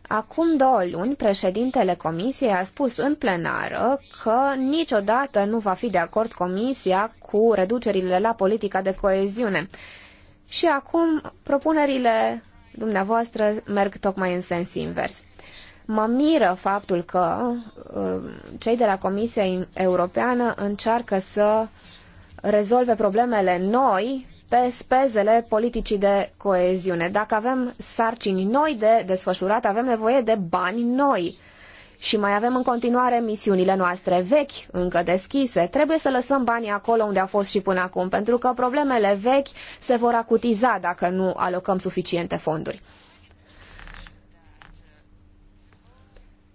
Acum două luni, președintele Comisiei a spus în plenară că niciodată nu va fi de acord Comisia cu reducerile la politica de coeziune și acum propunerile dumneavoastră merg tocmai în sens invers. Mă miră faptul că uh, cei de la Comisia Europeană încearcă să rezolve problemele noi pe spezele politicii de coeziune. Dacă avem sarcini noi de desfășurat, avem nevoie de bani noi. Și mai avem în continuare misiunile noastre vechi, încă deschise. Trebuie să lăsăm banii acolo unde au fost și până acum, pentru că problemele vechi se vor acutiza dacă nu alocăm suficiente fonduri.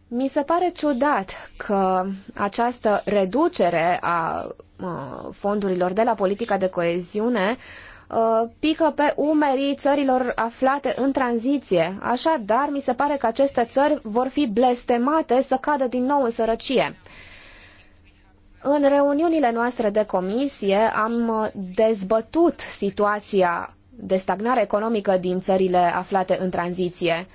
Mi se pare ciudat că această reducere a uh, fondurilor de la politica de coeziune uh, Uh, pică pe umerii țărilor aflate în tranziție. Așadar, mi se pare că aceste țări vor fi blestemate să cadă din nou în sărăcie. În reuniunile noastre de comisie am uh, dezbătut situația de stagnare economică din țările aflate în tranziție.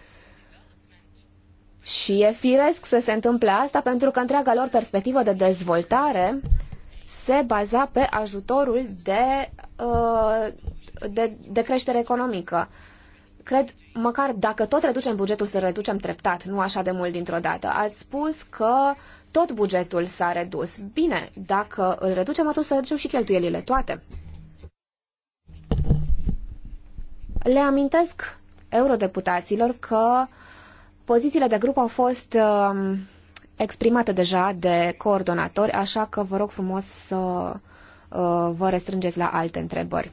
Și e firesc să se întâmple asta pentru că întreaga lor perspectivă de dezvoltare uh, se baza pe ajutorul de, uh, de, de creștere economică. Cred, măcar dacă tot reducem bugetul, să reducem treptat, nu așa de mult dintr-o dată. Ați spus că tot bugetul s-a redus. Bine, dacă îl reducem, atunci să reducem și cheltuielile toate. Le amintesc eurodeputaților că pozițiile de grup au fost um, exprimată deja de coordonatori, așa că vă rog frumos să uh, vă restrângeți la alte întrebări.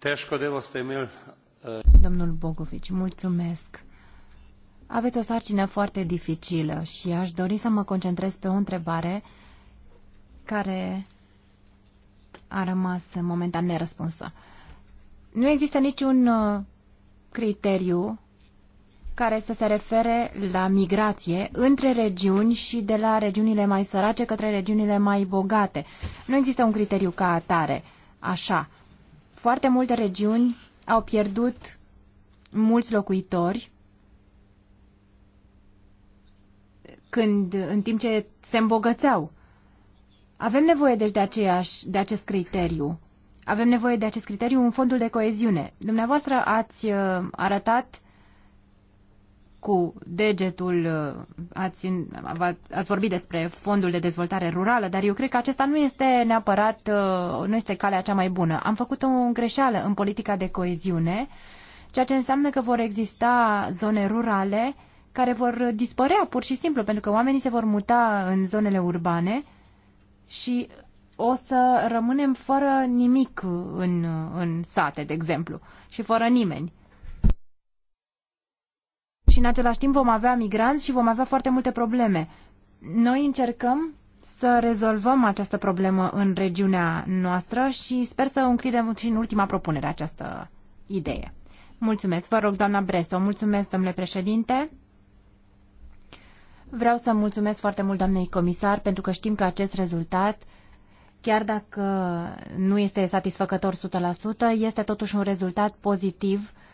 Uh, Domnul Bogovici, mulțumesc. Aveți o sarcină foarte dificilă și aș dori să mă concentrez pe o întrebare care a rămas momentan nerăspunsă. Nu există niciun uh, criteriu care să se refere la migrație între regiuni și de la regiunile mai sărace către regiunile mai bogate. Nu există un criteriu ca atare. Așa, foarte multe regiuni au pierdut mulți locuitori când, în timp ce se îmbogățeau. Avem nevoie deci de, aceeași, de acest criteriu. Avem nevoie de acest criteriu în fondul de coeziune. Dumneavoastră ați uh, arătat cu degetul, uh, ați, ați vorbit despre fondul de dezvoltare rurală, dar eu cred că acesta nu este neapărat, uh, nu este calea cea mai bună. Am făcut o greșeală în politica de coeziune, ceea ce înseamnă că vor exista zone rurale care vor dispărea pur și simplu, pentru că oamenii se vor muta în zonele urbane și o să rămânem fără nimic în, în sate, de exemplu, și fără nimeni și în același timp vom avea migranți și vom avea foarte multe probleme. Noi încercăm să rezolvăm această problemă în regiunea noastră și sper să închidem și în ultima propunere această idee. Mulțumesc, vă rog, doamna Breso, mulțumesc, domnule președinte. Vreau să mulțumesc foarte mult doamnei comisar pentru că știm că acest rezultat, chiar dacă nu este satisfăcător 100%, este totuși un rezultat pozitiv uh,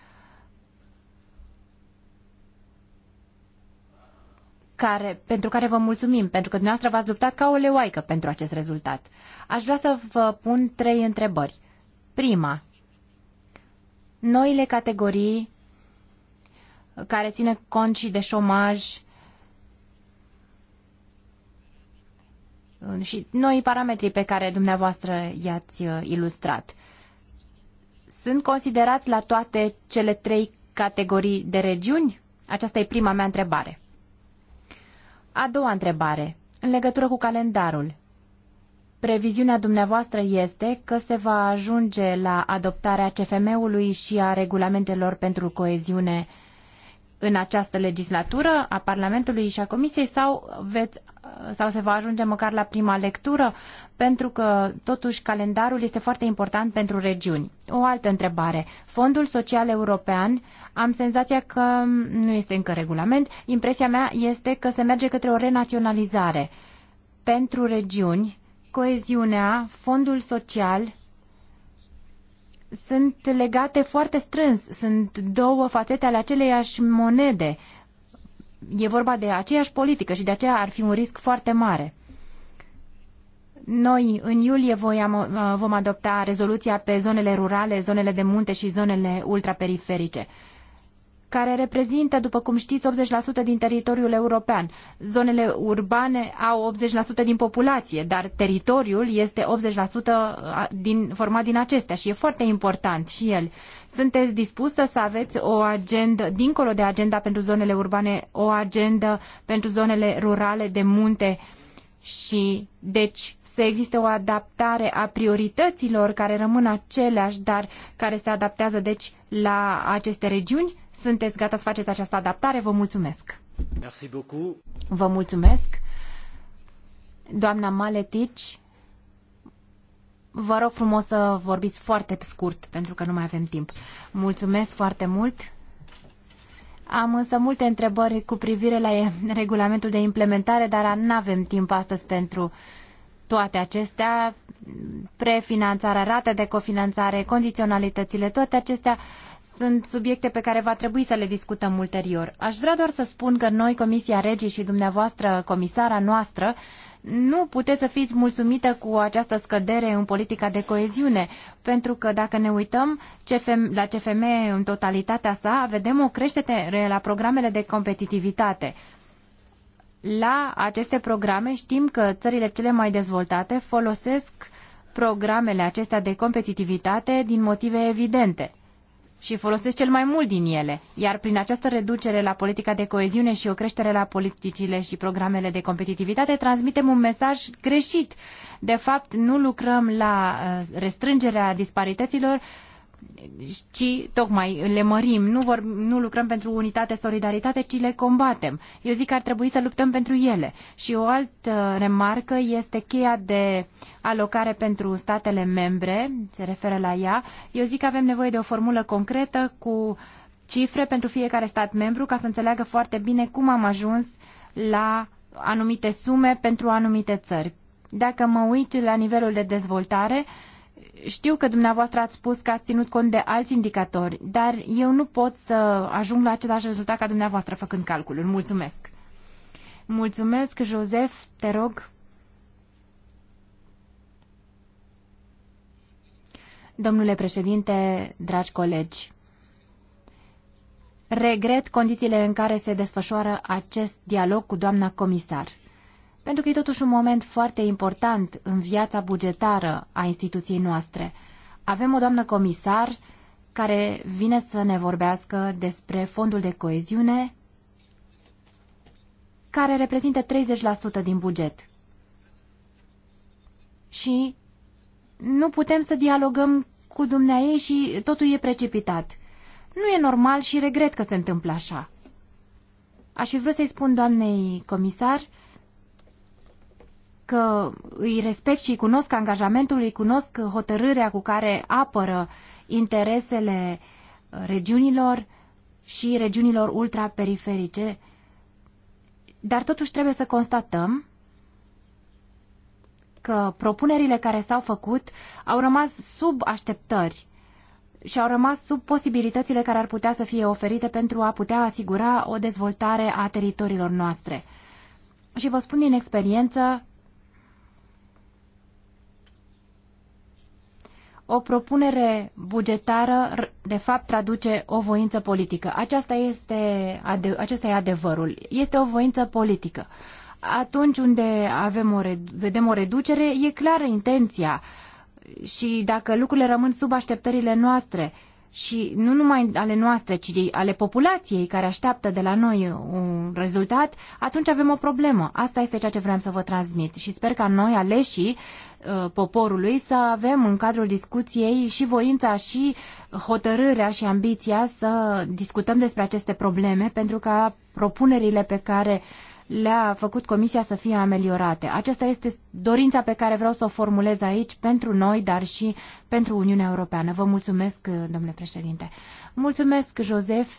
care, pentru care vă mulțumim, pentru că dumneavoastră v-ați luptat ca o leoaică pentru acest rezultat. Aș vrea să vă pun trei întrebări. Prima, noile categorii care ține cont și de șomaj și noi parametri pe care dumneavoastră i-ați uh, ilustrat. Sunt considerați la toate cele trei categorii de regiuni? Aceasta e prima mea întrebare. A doua întrebare, în legătură cu calendarul. Previziunea dumneavoastră este că se va ajunge la adoptarea CFM-ului și a regulamentelor pentru coeziune în această legislatură a Parlamentului și a Comisiei sau veți sau se va ajunge măcar la prima lectură, pentru că totuși calendarul este foarte important pentru regiuni. O altă întrebare. Fondul Social European, am senzația că nu este încă regulament, impresia mea este că se merge către o renaționalizare. Pentru regiuni, coeziunea, fondul social sunt legate foarte strâns, sunt două fațete ale aceleiași monede e vorba de aceeași politică și de aceea ar fi un risc foarte mare. Noi, în iulie, voiam, uh, vom adopta rezoluția pe zonele rurale, zonele de munte și zonele ultraperiferice care reprezintă, după cum știți, 80% din teritoriul european. Zonele urbane au 80% din populație, dar teritoriul este 80% din, format din acestea și e foarte important și el. Sunteți dispusă să aveți o agendă, dincolo de agenda pentru zonele urbane, o agendă pentru zonele rurale de munte și, deci, să existe o adaptare a priorităților care rămân aceleași, dar care se adaptează, deci, la aceste regiuni? sunteți gata să faceți această adaptare. Vă mulțumesc! Merci beaucoup. Vă mulțumesc! Doamna Maletici, vă rog frumos să vorbiți foarte scurt, pentru că nu mai avem timp. Mulțumesc foarte mult! Am însă multe întrebări cu privire la regulamentul de implementare, dar nu avem timp astăzi pentru toate acestea, prefinanțarea, rate de cofinanțare, condiționalitățile, toate acestea sunt subiecte pe care va trebui să le discutăm ulterior. Aș vrea doar să spun că noi, Comisia Regii și dumneavoastră, comisara noastră, nu puteți să fiți mulțumită cu această scădere în politica de coeziune, pentru că dacă ne uităm CFM, la CFM în totalitatea sa, vedem o creștere la programele de competitivitate. La aceste programe știm că țările cele mai dezvoltate folosesc programele acestea de competitivitate din motive evidente și folosesc cel mai mult din ele, iar prin această reducere la politica de coeziune și o creștere la politicile și programele de competitivitate, transmitem un mesaj greșit. De fapt, nu lucrăm la uh, restrângerea disparităților, ci tocmai le mărim, nu, vor, nu lucrăm pentru unitate, solidaritate, ci le combatem. Eu zic că ar trebui să luptăm pentru ele. Și o altă remarcă este cheia de alocare pentru statele membre, se referă la ea. Eu zic că avem nevoie de o formulă concretă cu cifre pentru fiecare stat membru ca să înțeleagă foarte bine cum am ajuns la anumite sume pentru anumite țări. Dacă mă uit la nivelul de dezvoltare, știu că dumneavoastră ați spus că ați ținut cont de alți indicatori, dar eu nu pot să ajung la același rezultat ca dumneavoastră făcând calculul. Mulțumesc! Mulțumesc, Joseph, te rog. Domnule președinte, dragi colegi, regret condițiile în care se desfășoară acest dialog cu doamna comisar pentru că e totuși un moment foarte important în viața bugetară a instituției noastre. Avem o doamnă comisar care vine să ne vorbească despre fondul de coeziune, care reprezintă 30% din buget. Și nu putem să dialogăm cu dumneaei și totul e precipitat. Nu e normal și regret că se întâmplă așa. Aș fi vrut să-i spun doamnei comisar că îi respect și îi cunosc angajamentul, îi cunosc hotărârea cu care apără interesele regiunilor și regiunilor ultraperiferice. Dar totuși trebuie să constatăm că propunerile care s-au făcut au rămas sub așteptări și au rămas sub posibilitățile care ar putea să fie oferite pentru a putea asigura o dezvoltare a teritoriilor noastre. Și vă spun din experiență o propunere bugetară de fapt traduce o voință politică. Aceasta este, acesta e adevărul. Este o voință politică. Atunci unde avem o, vedem o reducere, e clară intenția. Și dacă lucrurile rămân sub așteptările noastre, și nu numai ale noastre, ci ale populației care așteaptă de la noi un rezultat, atunci avem o problemă. Asta este ceea ce vreau să vă transmit și sper ca noi, aleșii, Uh, poporului, să avem în cadrul discuției și voința și hotărârea și ambiția să discutăm despre aceste probleme pentru ca propunerile pe care le-a făcut Comisia să fie ameliorate. Aceasta este dorința pe care vreau să o formulez aici pentru noi, dar și pentru Uniunea Europeană. Vă mulțumesc, uh, domnule președinte. Mulțumesc, Josef.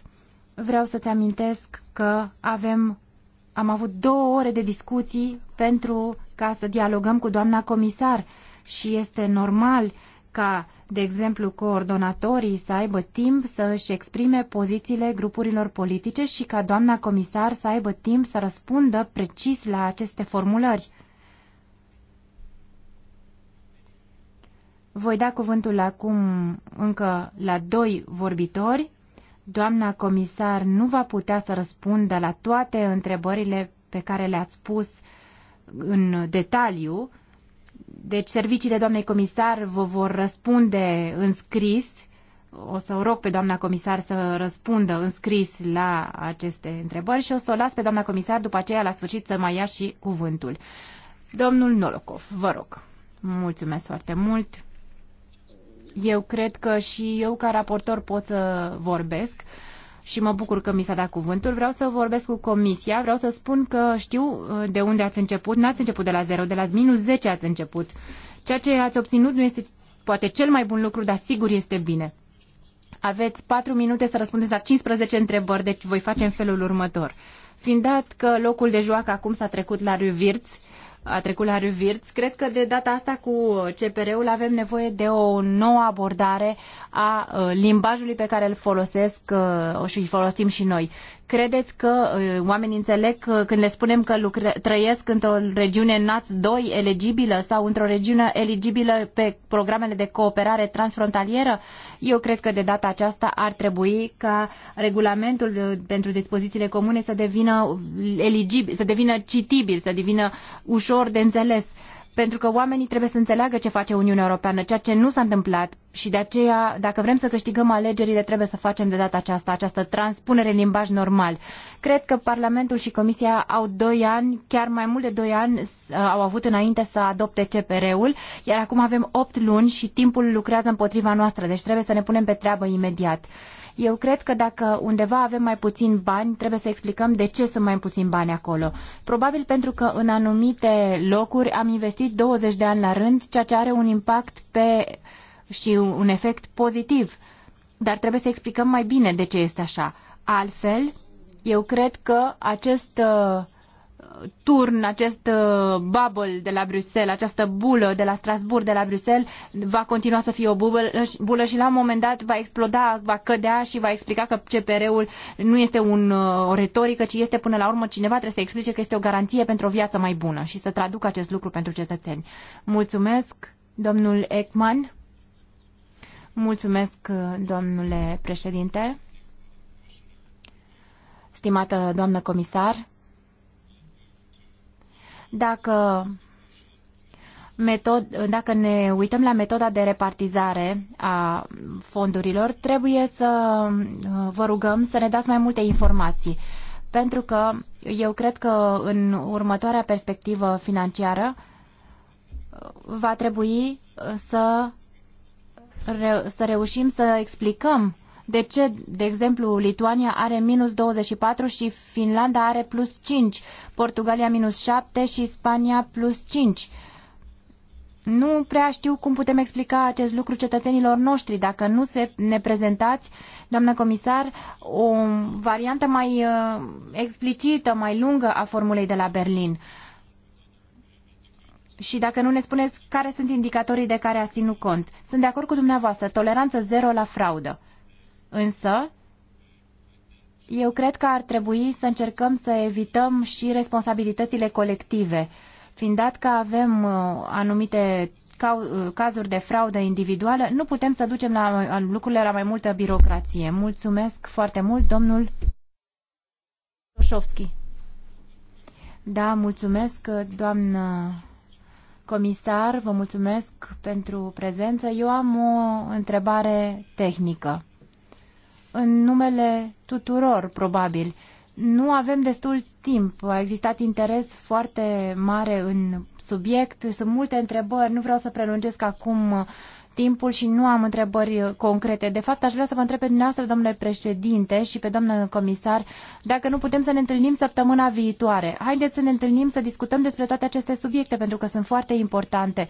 Vreau să-ți amintesc că avem, am avut două ore de discuții pentru ca să dialogăm cu doamna comisar și este normal ca, de exemplu, coordonatorii să aibă timp să își exprime pozițiile grupurilor politice și ca doamna comisar să aibă timp să răspundă precis la aceste formulări. Voi da cuvântul acum încă la doi vorbitori. Doamna comisar nu va putea să răspundă la toate întrebările pe care le-ați pus în detaliu. Deci serviciile doamnei comisar vă vor răspunde în scris. O să o rog pe doamna comisar să răspundă în scris la aceste întrebări și o să o las pe doamna comisar după aceea la sfârșit să mai ia și cuvântul. Domnul Nolokov, vă rog. Mulțumesc foarte mult. Eu cred că și eu ca raportor pot să vorbesc. Uh, și mă bucur că mi s-a dat cuvântul. Vreau să vorbesc cu comisia, vreau să spun că știu uh, de unde ați început, n-ați început de la zero, de la minus 10 ați început. Ceea ce ați obținut nu este poate cel mai bun lucru, dar sigur este bine. Aveți 4 minute să răspundeți la 15 întrebări, deci voi face în felul următor. Fiind dat că locul de joacă acum s-a trecut la Ruvirț, a trecut la Revirț. Cred că de data asta cu CPR-ul avem nevoie de o nouă abordare a uh, limbajului pe care îl folosesc uh, și îl folosim și noi. Credeți că uh, oamenii înțeleg că când le spunem că lucre- trăiesc într-o regiune NAț 2 eligibilă sau într-o regiune eligibilă pe programele de cooperare transfrontalieră? Eu cred că de data aceasta ar trebui ca regulamentul uh, pentru dispozițiile comune să devină eligibil, să devină citibil, să devină ușor de înțeles. Uh, pentru că oamenii trebuie să înțeleagă ce face Uniunea Europeană, ceea ce nu s-a întâmplat și de aceea, dacă vrem să câștigăm alegerile, trebuie să facem de data aceasta această transpunere în limbaj normal. Cred că Parlamentul și Comisia au doi ani, chiar mai mult de doi ani uh, au avut înainte să adopte CPR-ul, iar acum avem opt luni și timpul lucrează împotriva noastră, deci trebuie să ne punem pe treabă imediat. Eu cred că dacă undeva avem mai puțin bani, trebuie să explicăm de ce sunt mai puțin bani acolo. Probabil pentru că în anumite locuri am investit 20 de ani la rând, ceea ce are un impact pe și un efect pozitiv. Dar trebuie să explicăm mai bine de ce este așa. Altfel, eu cred că acest uh, turn, acest uh, bubble de la Bruxelles, această bulă de la Strasbourg, de la Bruxelles, va continua să fie o bulă, bulă și la un moment dat va exploda, va cădea și va explica că CPR-ul nu este un, uh, o retorică, ci este până la urmă cineva trebuie să explice că este o garanție pentru o viață mai bună și să traducă acest lucru pentru cetățeni. Mulțumesc, domnul Ekman. Mulțumesc, uh, domnule președinte. Stimată doamnă comisar, dacă, metod, dacă ne uităm la metoda de repartizare a fondurilor, trebuie să uh, vă rugăm să ne dați mai multe informații. Pentru că eu cred că în următoarea perspectivă financiară uh, va trebui să, re- să reușim să explicăm de ce, de exemplu, Lituania are minus 24 și Finlanda are plus 5, Portugalia minus 7 și Spania plus 5. Nu prea știu cum putem explica acest lucru cetățenilor noștri dacă nu se ne prezentați, doamnă comisar, o variantă mai uh, explicită, mai lungă a formulei de la Berlin. Și dacă nu ne spuneți care sunt indicatorii de care ați ținut cont. Sunt de acord cu dumneavoastră, toleranță zero la fraudă. Însă, eu cred că ar trebui să încercăm să evităm și responsabilitățile colective, fiind dat că avem uh, anumite uh, cazuri de fraudă individuală, nu putem să ducem la lucrurile la mai multă birocrație. Mulțumesc foarte mult, domnul Roșovski. Da, mulțumesc, doamnă comisar, vă mulțumesc pentru prezență. Eu am o întrebare tehnică în numele tuturor, probabil. Nu avem destul timp. A existat interes foarte mare în subiect. Sunt multe întrebări. Nu vreau să prelungesc acum uh, timpul și nu am întrebări uh, concrete. De fapt, aș vrea să vă întreb pe dumneavoastră, domnule președinte și pe doamnă comisar, dacă nu putem să ne întâlnim săptămâna viitoare. Haideți să ne întâlnim să discutăm despre toate aceste subiecte, pentru că sunt foarte importante.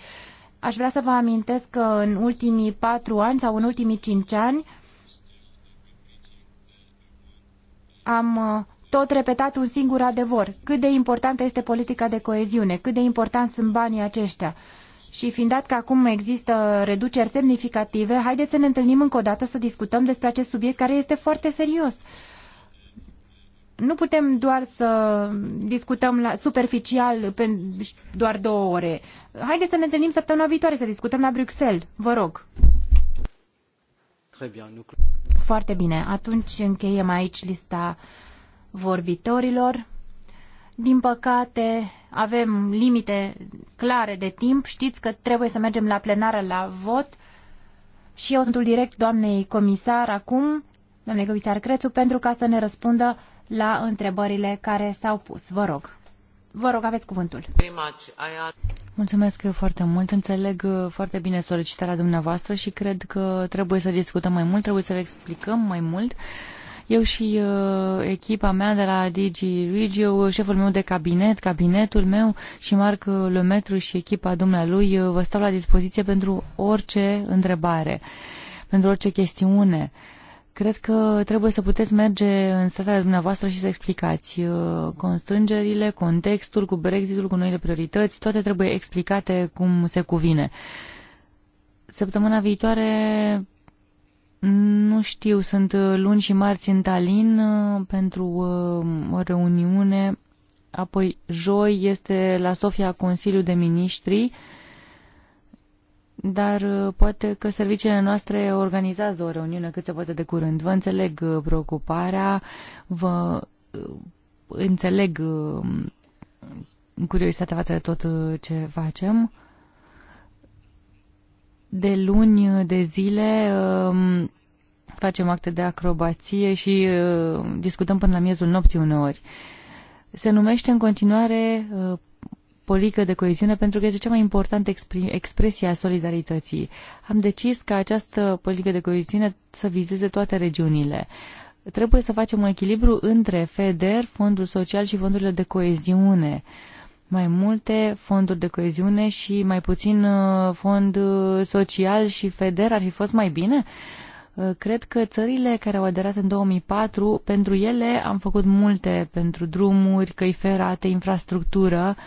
Aș vrea să vă amintesc că în ultimii patru ani sau în ultimii cinci ani, am uh, tot repetat un singur adevăr. Cât de importantă este politica de coeziune, cât de important sunt banii aceștia. Și fiind dat că acum există reduceri semnificative, haideți să ne întâlnim încă o dată să discutăm despre acest subiect care este foarte serios. Nu putem doar să discutăm la, superficial pe doar două ore. Haideți să ne întâlnim săptămâna viitoare să discutăm la Bruxelles. Vă rog. Très bien, nous... Foarte bine, atunci încheiem aici lista vorbitorilor. Din păcate, avem limite clare de timp. Știți că trebuie să mergem la plenară la vot. Și eu sunt direct doamnei comisar acum, doamnei comisar Crețu, pentru ca să ne răspundă la întrebările care s-au pus. Vă rog. Vă rog, aveți cuvântul. Mulțumesc foarte mult. Înțeleg foarte bine solicitarea dumneavoastră și cred că trebuie să discutăm mai mult, trebuie să vă explicăm mai mult. Eu și uh, echipa mea de la Digi Regio, șeful meu de cabinet, cabinetul meu și Marc Lemetru și echipa dumnealui uh, vă stau la dispoziție pentru orice întrebare, pentru orice chestiune. Uh, Cred că trebuie să puteți merge în statele dumneavoastră și să explicați uh, constrângerile, contextul cu Brexitul, cu noile priorități, toate trebuie explicate cum se cuvine. Săptămâna viitoare, nu știu, sunt uh, luni și marți în talin uh, pentru o reuniune, apoi joi este la Sofia Consiliul de Ministri, dar uh, poate că serviciile noastre organizează o reuniune cât se poate de curând. Vă înțeleg uh, preocuparea, vă uh, înțeleg curiozitatea față de tot ce facem. De luni, de zile um, facem acte de acrobație și discutăm până la miezul nopții uneori. Se numește în continuare politică de coeziune pentru că este cea mai importantă expresie a solidarității. Am decis ca această politică de coeziune să vizeze toate regiunile. Trebuie să facem un echilibru între FEDER, fondul social și fondurile de coeziune. Mai multe fonduri de coeziune și mai puțin uh, fond uh, social și FEDER ar fi fost mai bine? Uh, cred că țările care au aderat în 2004, pentru ele am făcut multe, pentru drumuri, căi ferate, infrastructură, uh,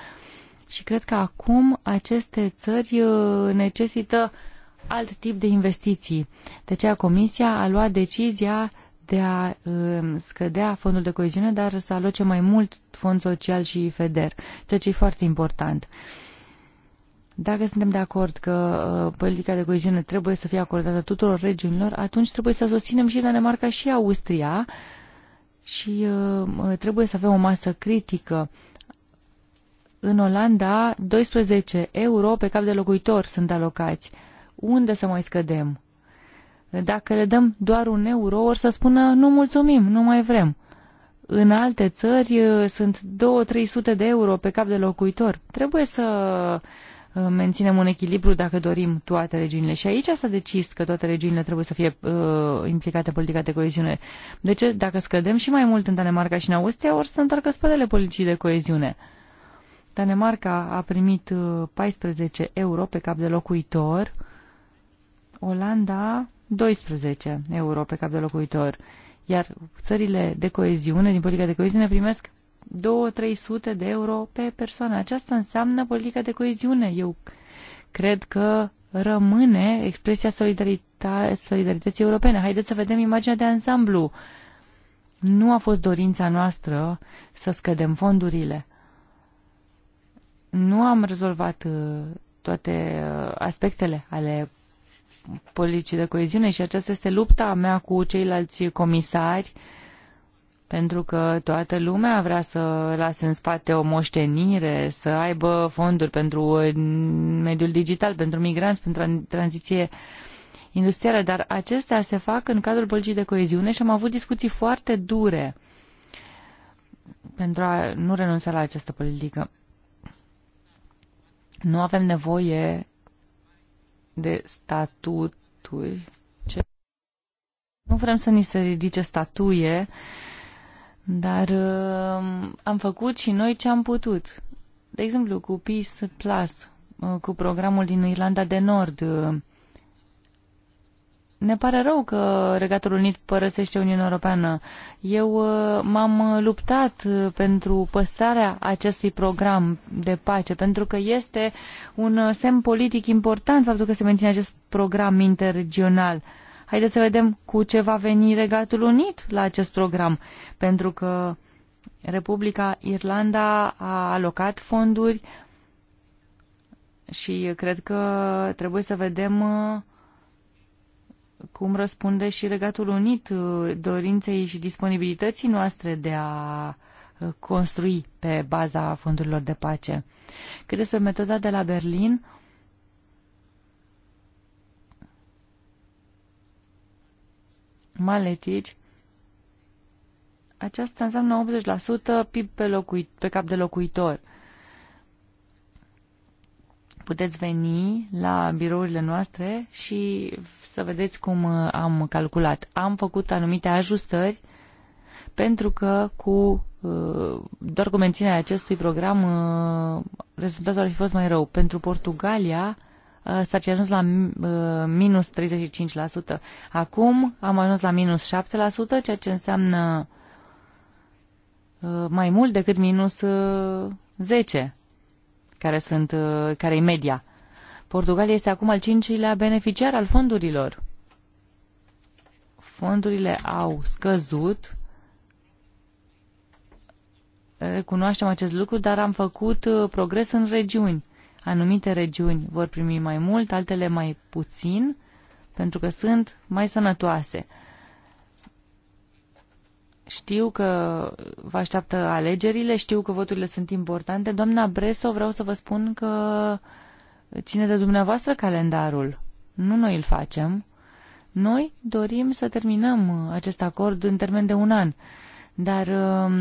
și cred că acum aceste țări uh, necesită alt tip de investiții. De aceea Comisia a luat decizia de a uh, scădea fondul de coeziune, dar să aloce mai mult fond social și FEDER, ceea ce e foarte important. Dacă suntem de acord că uh, politica de coeziune trebuie să fie acordată tuturor regiunilor, atunci trebuie să susținem și Danemarca și Austria și trebuie să avem o masă critică în Olanda, 12 euro pe cap de locuitor sunt alocați. Unde să mai scădem? Dacă le dăm doar un euro, or să spună nu mulțumim, nu mai vrem. În alte țări uh, sunt 2-300 de euro pe cap de locuitor. Trebuie să uh, menținem un echilibru dacă dorim toate regiunile. Și aici s-a decis că toate regiunile trebuie să fie uh, implicate în politica de coeziune. Deci, dacă scădem și mai mult în Danemarca și în Austria, ori să întoarcă spatele politicii de coeziune. Uh, Danemarca a primit 14 uh, euro pe cap de locuitor, Olanda 12 euro pe cap de locuitor, iar țările de coeziune, din politica de coeziune, primesc 2-300 de euro pe persoană. Aceasta înseamnă politica de coeziune. Eu cred că rămâne expresia solidarita- solidarității europene. Haideți să vedem imaginea de ansamblu. Nu a fost dorința noastră să scădem fondurile. Nu am rezolvat uh, toate uh, aspectele ale politicii de coeziune și aceasta este lupta mea cu ceilalți comisari pentru că toată lumea vrea să lase în spate o moștenire, să aibă fonduri pentru uh, mediul digital, pentru migranți, pentru tranziție industrială, dar acestea se fac în cadrul politicii de coeziune și am avut discuții foarte dure pentru a nu renunța la această politică. Nu avem nevoie de statuturi. Ce... Nu vrem să ni se ridice statuie, dar uh, am făcut și noi ce am putut. De exemplu, cu Peace Plus, uh, cu programul din Irlanda de Nord, uh, ne pare rău că Regatul Unit părăsește Uniunea Europeană. Eu uh, m-am luptat uh, pentru păstrarea acestui program de pace, pentru că este un uh, semn politic important faptul că se menține acest program interregional. Haideți să vedem cu ce va veni Regatul Unit la acest program, pentru că Republica Irlanda a alocat fonduri și cred că trebuie să vedem cum răspunde și Regatul Unit uh, dorinței și disponibilității noastre de a uh, construi pe baza fondurilor de pace. Cât despre metoda de la Berlin, maletici, aceasta înseamnă 80% PIB pe, locuit, pe cap de locuitor – puteți veni la birourile noastre și să vedeți cum uh, am calculat. Am făcut anumite ajustări pentru că cu uh, doar cu menținerea acestui program uh, rezultatul ar fi fost mai rău. Pentru Portugalia s-ar fi ajuns la minus 35%. Acum am ajuns la minus 7%, ceea ce înseamnă mai mult decât minus 10% care, sunt, uh, care e media. Portugalia este acum al cincilea beneficiar al fondurilor. Fondurile au scăzut. Recunoaștem acest lucru, dar am făcut uh, progres în regiuni. Anumite regiuni vor primi mai mult, altele mai puțin, pentru că sunt mai sănătoase. Știu că vă așteaptă alegerile, știu că voturile sunt importante. Doamna Breso, vreau să vă spun că ține de dumneavoastră calendarul. Nu noi îl facem. Noi dorim să terminăm acest acord în termen de un an. Dar, um,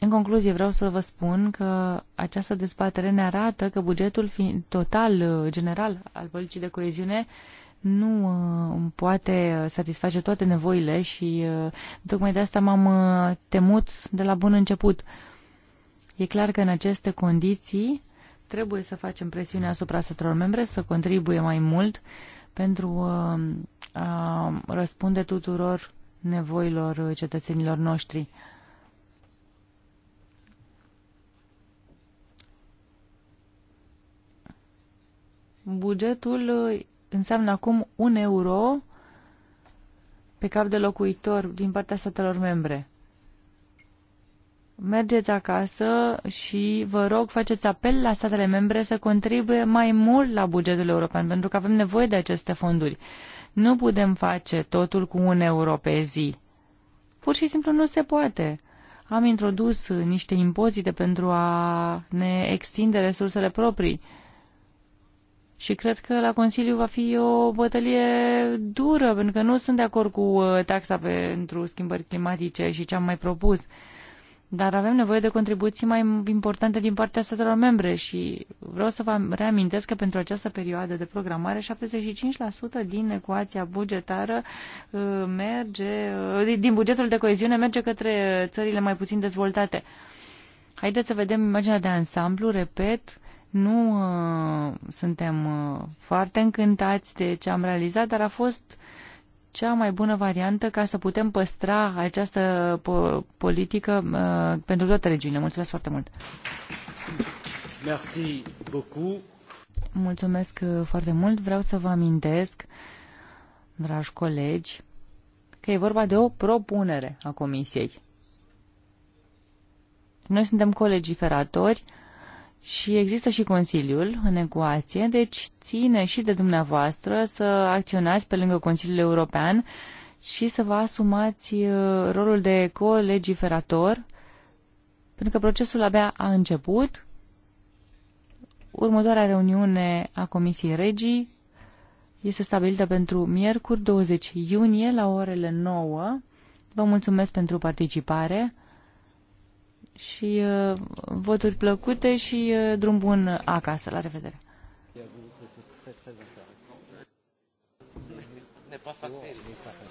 în concluzie, vreau să vă spun că această dezbatere ne arată că bugetul total uh, general al politicii de coeziune nu uh, poate uh, satisface toate nevoile și uh, tocmai de asta m-am uh, temut de la bun început. E clar că în aceste condiții trebuie să facem presiune asupra statelor membre să contribuie mai mult pentru uh, a răspunde tuturor nevoilor uh, cetățenilor noștri. Bugetul uh, înseamnă acum un euro pe cap de locuitor din partea statelor membre. Mergeți acasă și vă rog faceți apel la statele membre să contribuie mai mult la bugetul european, pentru că avem nevoie de aceste fonduri. Nu putem face totul cu un euro pe zi. Pur și simplu nu se poate. Am introdus niște impozite pentru a ne extinde resursele proprii. Și cred că la Consiliu va fi o bătălie dură, pentru că nu sunt de acord cu uh, taxa pentru schimbări climatice și ce am mai propus. Dar avem nevoie de contribuții mai importante din partea statelor membre și vreau să vă reamintesc că pentru această perioadă de programare 75% din ecuația bugetară uh, merge, uh, din bugetul de coeziune merge către țările mai puțin dezvoltate. Haideți să vedem imaginea de ansamblu, repet, nu uh, suntem uh, foarte încântați de ce am realizat, dar a fost cea mai bună variantă ca să putem păstra această po politică uh, pentru toate regiunile. Mulțumesc foarte mult! Merci beaucoup. Mulțumesc uh, foarte mult. Vreau să vă amintesc, dragi colegi, că e vorba de o propunere a Comisiei. Noi suntem colegiferatori, și există și Consiliul în ecuație, deci ține și de dumneavoastră să acționați pe lângă Consiliul European și să vă asumați uh, rolul de colegiferator, pentru că procesul abia a început. Următoarea reuniune a Comisiei Regii este stabilită pentru miercuri 20 iunie la orele 9. Vă mulțumesc pentru participare și uh, voturi plăcute și uh, drum bun acasă. La revedere! Ne